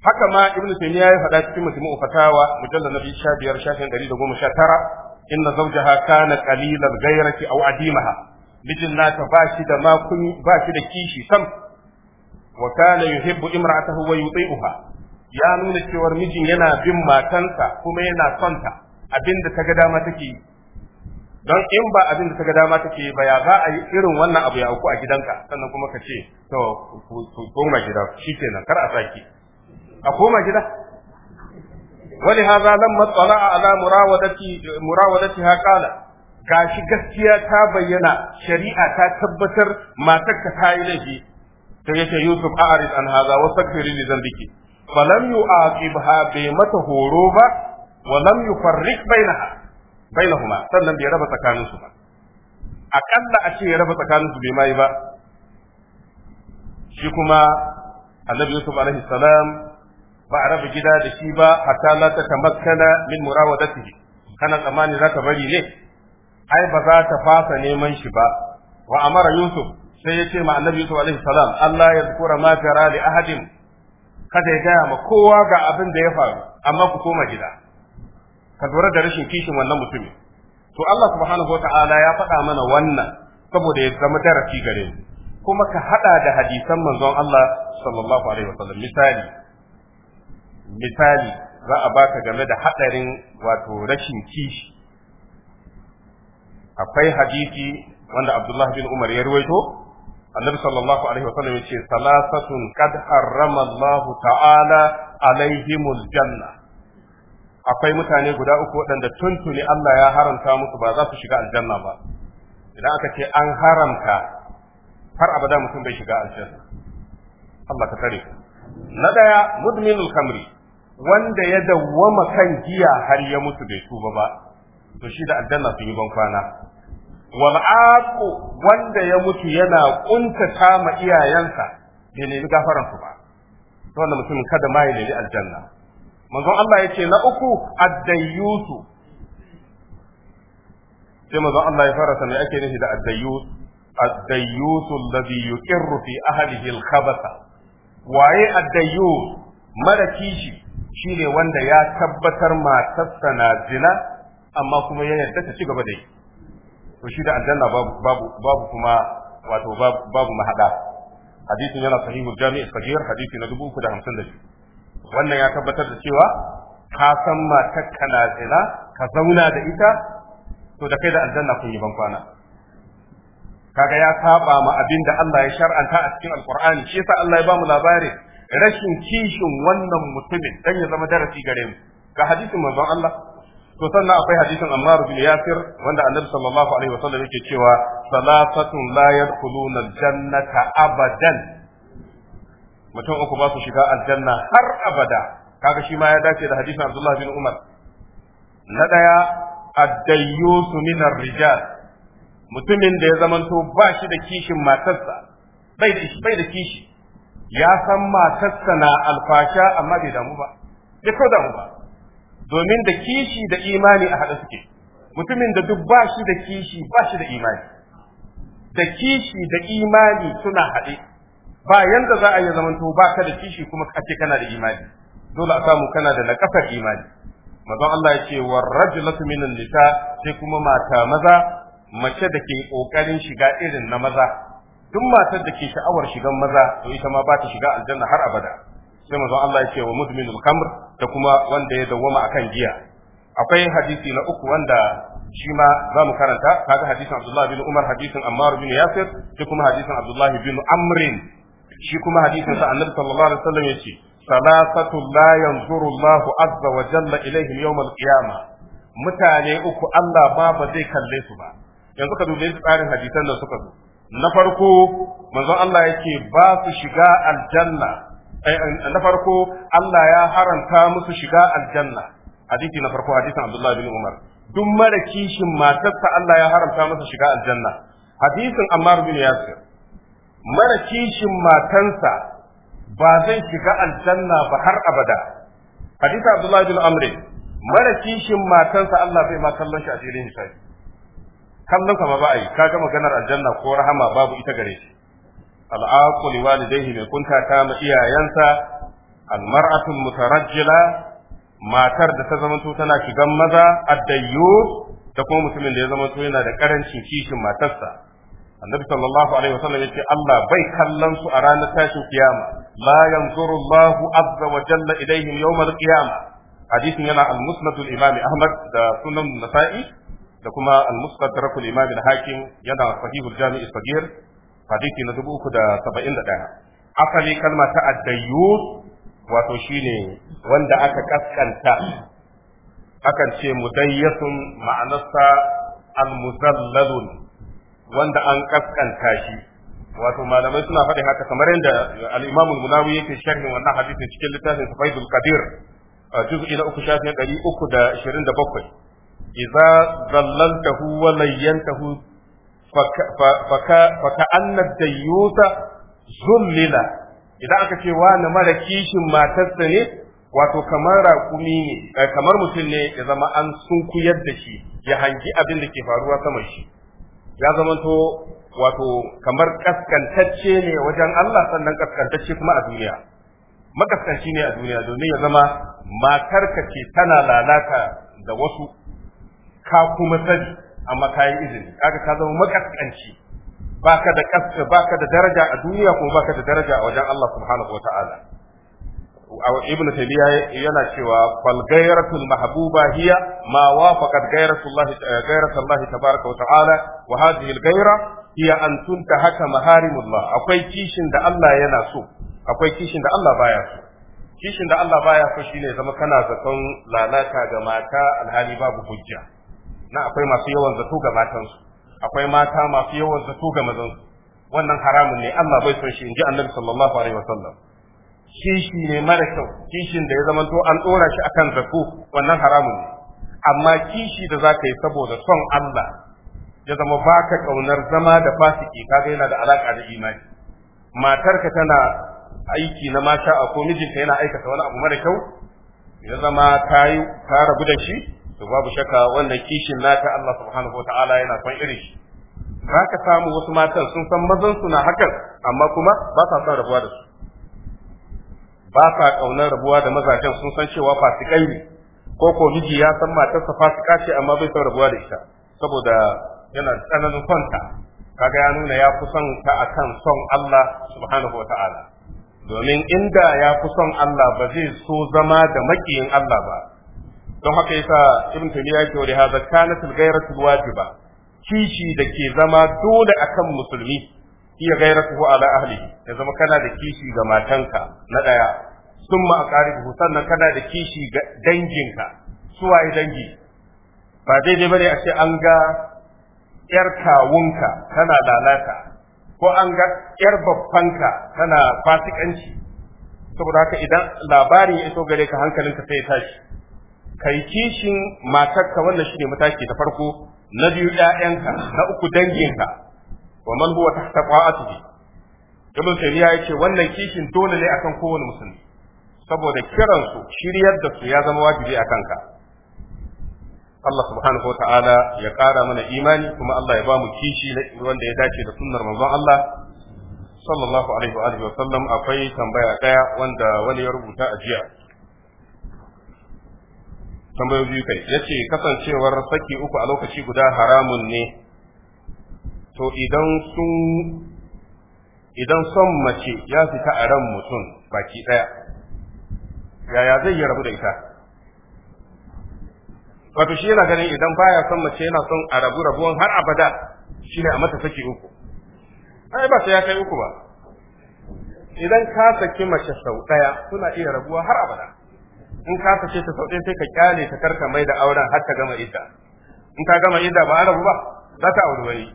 haka ma ibnu taymiya ya faɗa cikin mutumin fatawa mujallal nabi 15 shafin 119 inna zawjaha kana qalilal ghayrati aw adimaha mijin nata ba shi da ma ba shi da kishi sam wa kana yuhibbu imra'atahu wa yuti'uha ya nuna cewar mijin yana bin matansa kuma yana son ta abinda ta ga dama take don in ba abin da ta ga dama take ba ya za a yi irin wannan abu ya auku a gidanka sannan kuma ka ce to ku koma gida shikenan kar a saki a koma gida wali hadha lamma tala'a ala murawadati gashi gaskiya ta bayyana shari'a ta tabbatar matar ka ta yi laifi sai yake yusuf a aris an haza wa sakfiri li zambiki falam ha bi mata horo ba wa lam bai bainaha bainahuma sannan bai raba tsakaninsu ba akalla a ce ya raba tsakaninsu bai mai ba shi kuma annabi yusuf alaihi salam ba a raba gida da shi ba hatta la ta tamakkana min murawadatihi kana tsammani za ta bari ne ai ba za ta fasa neman shi ba wa amara yusuf sai ya ce ma annabi Yusuf alaihi salam Allah ya zukura ma fara li ahadin kada ya gaya ma kowa ga abin da ya faru amma ku koma gida ka lura da rashin kishin wannan mutumin to Allah subhanahu wataala ya faɗa mana wannan saboda ya zama darasi gare mu kuma ka haɗa da hadisan manzon Allah sallallahu alaihi wasallam misali misali za a baka game da hadarin wato rashin kishi akwai hadisi wanda Abdullah bin Umar ya ruwaito annabi sallallahu alaihi wa sallam yace salasatun qad harrama Allah ta'ala alaihimul janna akwai mutane guda uku waɗanda tuntuni Allah ya haramta musu ba za su shiga aljanna ba idan aka ce an haramta har abada mutum bai shiga aljanna Allah ka kare na daya mudminul khamri wanda ya dawwama kan giya har ya mutu bai tuba ba to shi da aljanna sun yi ban kwana wal'aqu wanda ya mutu yana kunta kama iyayensa bai nemi gafaran su ba to wannan mutumin kada ma ya nemi aljanna manzon Allah ce na uku addayyusu sai manzon Allah ya fara sanin ake nufi da addayyus addayyusu alladhi yuqirru fi ahlihi al-khabatha waye addayyus mara kishi shine wanda ya tabbatar matarsa na zina amma kuma ya yarda ta ci gaba da yi to shi da aljanna babu babu babu kuma wato babu mahada hadisin yana sahihul jami'i sagir hadisi na 352 wannan ya tabbatar da cewa ka san matakka na zina ka zauna da ita to da kai da aljanna kun yi ban kwana kaga ya saba ma abin da Allah ya shar'anta a cikin alqur'ani shi yasa Allah ya bamu labari rashin kishin wannan mutumin dan ya zama darasi gare mu ga hadisin manzon Allah to sannan akwai hadisin Ammar bin Yasir wanda Annabi sallallahu alaihi wasallam yake cewa salasatun la yadkhuluna aljannata abadan mutum uku ba su shiga aljanna har abada kaga shi ma ya dace da hadisin Abdullah bin Umar na daya addayyusu min rijal mutumin da ya zamanto ba shi da kishin matarsa bai da bai da kishi ya san matarsa na alfasha amma bai damu ba bai ko damu ba domin da kishi da imani a haɗa suke mutumin da duk ba shi da kishi ba shi da imani da kishi da imani suna haɗe ba yanda za a yi zamanto ba ka da kishi kuma ake kana da imani dole a samu kana da nakasar imani mazan Allah ya ce war rajulatu minan nisa sai kuma mata maza mace da ke ƙoƙarin shiga irin na maza duk matar da ke sha'awar shigan maza to ita ma ba ta shiga aljanna har abada sai mazan Allah ya ce wa mudminul khamr da kuma wanda ya dawwama akan giya akwai hadisi na uku wanda shi ma za mu karanta kaga hadisin Abdullahi bin Umar hadisin Ammar bin Yasir da kuma hadisin Abdullahi bin Amrin shi kuma hadisin sa Annabi sallallahu alaihi wasallam yace salasatu la yanzuru Allah azza wa jalla ilaihim yawm al mutane uku Allah ba ba zai kalle su ba yanzu ka dubi tsarin hadisan da suka zo na farko manzon Allah yake ba su shiga aljanna Eh, eh, na farko Allah ya haranta musu shiga aljanna hadisi na farko hadisin Abdullah bin Umar duk mara kishin matarsa Allah ya haramta masa shiga aljanna hadisin Ammar bin Yasir mara kishin matansa ba zai shiga aljanna ba har abada hadisi Abdullah bin Amr mara kishin matansa Allah bai ma kallon shi a cikin hisabi kallon ka ba ba ai yi kaga maganar aljanna ko rahama babu ita gare shi al'aqu li mai kunta ta iyayensa almar'atul mutarajjila matar da ta zamanto tana shigan maza addayyus da kuma mutumin da ya zamanto yana da karancin kishin matarsa annabi sallallahu alaihi wasallam yace Allah bai kallon su a ranar tashin kiyama la yanzuru Allah azza wa jalla ilaihim yawm al-qiyama hadisin yana al imami Ahmad da sunan Masa'i, da kuma al-mustadrak al-imam hakim yana sahih al-jami' al hadisi na dubu uku da saba'in da ɗaya asali kalma ta addayyus wato shine wanda aka kaskanta akan ce mudayyasun ma'anarsa almuzallalun wanda an kaskanta shi wato malamai suna faɗi haka kamar yadda al-Imam al-Munawi yake sharhin wannan hadisin cikin littafin Faidul Qadir juz'i na uku shafin ɗari uku da ashirin da bakwai idza zallaltahu wa layyantahu faka da dayyusa zullila idan aka ce na mara kishin matarsa ne wato kamar raƙumi ne eh, kamar mutum ne ya zama an sunkuyar da shi ya hangi abin da ke faruwa sama shi ya zama to wato kamar kaskantacce ne wajen Allah sannan kaskantacce kuma a duniya makaskanci ne a duniya domin ya zama matarka ce tana lalata da wasu ka kuma sani amma ka yi izini kaga ka zama makaskanci baka da kaska baka da daraja a duniya ko baka da daraja a wajen Allah subhanahu wataala ibn taymiya yana cewa fal ghayratul mahbuba hiya ma wafaqat ghayratullah ghayratullah tabaaraka wa ta'ala wa hadhihi al ghayra hiya an tuntahaka maharimullah akwai kishin da Allah yana so akwai kishin da Allah baya so kishin da Allah baya so shine zama kana zaton lalata ga mata alhali babu hujja na akwai masu yawan zato ga matansu akwai mata masu yawan zato ga mazansu wannan haramun ne Allah bai son shi inji Annabi sallallahu alaihi wasallam kishi ne mara kyau kishin da ya zama to an dora shi akan zato wannan haramun ne amma kishi da zaka yi saboda son Allah ya zama baka kaunar zama da fasiki kaga yana da alaka da imani matarka tana aiki na mata a ko mijinka yana aikata wani abu mara kyau ya zama yi rabu da shi to babu shakka wannan kishin naka Allah subhanahu wa yana son irin shi za ka samu wasu matan sun san mazan su na hakan amma kuma ba sa son rabuwa da su ba sa kaunar rabuwa da mazajen sun san cewa fasikai ne ko ko miji ya san matarsa fasika ce amma bai son rabuwa da ita saboda yana tsananin sonta kaga ya nuna ya fi son ta akan son Allah subhanahu wa ta'ala domin inda ya fi son Allah ba zai so zama da makiyin Allah ba don haka yasa ibn ya yake wa hadha kanat al wajiba kishi da ke zama dole akan musulmi iya ghayratuhu ala ahlihi ya zama kana da kishi ga matanka na daya summa aqaribuhu sannan kana da kishi ga danginka suwa dangi ba dai-dai daidai bane a ce an ga yar kawunka kana lalata ko an ga yar babbanka tana fasikanci saboda haka idan labarin ya iso gare ka hankalinka sai ya tashi kai kishin matarka wannan shine mataki da farko na biyu ƴaƴanka na uku danginka wa man huwa tahta qa'atihi ibn ya ce wannan kishin dole ne akan kowane musulmi saboda kiran su shiryar da su ya zama wajibi akanka ka Allah subhanahu wa ta'ala ya ƙara mana imani kuma Allah ya ba mu kishi wanda ya dace da sunnar manzon Allah sallallahu alaihi wa alihi wa sallam akwai tambaya daya wanda wani ya rubuta a jiya tambayoyi biyu kai yace kasancewar saki uku a lokaci guda haramun ne to idan sun idan son mace ya fita a ran mutum baki daya yaya zai yi rabu da ita wato shi yana ganin idan baya son mace yana son a rabu rabuwan har abada shi ne a mata saki uku ai ba sai ya kai uku ba idan ka saki mace sau daya kuna iya rabuwa har abada in ka kace ta sau sai ka kyale ta karka mai da auren har ta gama idda in ka gama idda ba arabu ba za ta auri wani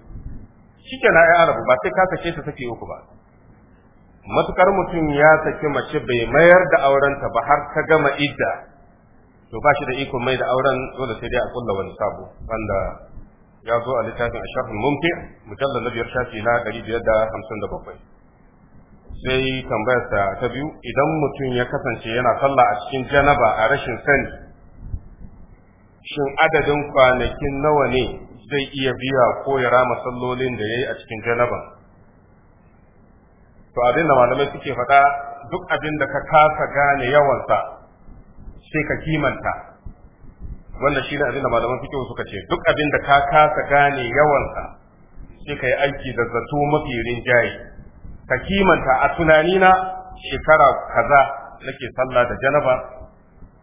shikenan ai arabu ba sai ka kace ta sake uku ba matukar mutum ya saki mace bai mayar da aurenta ba har ta gama idda to ba shi da iko mai da auren dole sai dai a kulla wani sabo wanda ya zo a littafin ashrafin mumti mujallal na biyar shafi na bakwai. sai tambayarsa ta biyu idan mutum ya kasance yana sallah a cikin janaba a rashin sani shin adadin kwanakin nawa ne zai iya biya ko ya rama sallolin da ya yi a cikin janaba to abin da malamai suke faɗa duk abin da ka kasa gane yawansa sai ka kimanta wannan shi ne abin da malaman fikihu suka ce duk abin da ka kasa gane yawansa sai ka yi aiki da zato mafi rinjaye ka kimanta a tunanina shekara kaza nake sallah da janaba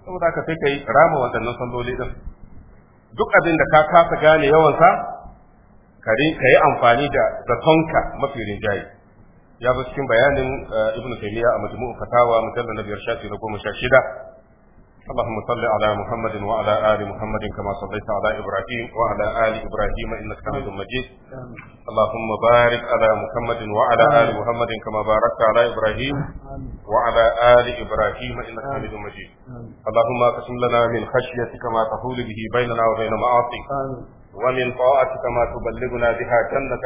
saboda ka sai kai rama waɗannan salloli din duk abin da ka kasa gane yawansa ka yi amfani da zatonka mafi rinjaye ya zo cikin bayanin eh, ibnu taymiya a majmu'u fatawa mujallal na biyar shafi na goma sha shida اللهم صل على محمد وعلى ال محمد كما صليت على ابراهيم وعلى ال ابراهيم انك حميد مجيد اللهم بارك على محمد وعلى ال محمد كما باركت على ابراهيم وعلى ال ابراهيم انك حميد مجيد اللهم اقسم لنا من خشيتك ما تحول به بيننا وبين معاصيك ومن طاعتك ما تبلغنا بها جنتك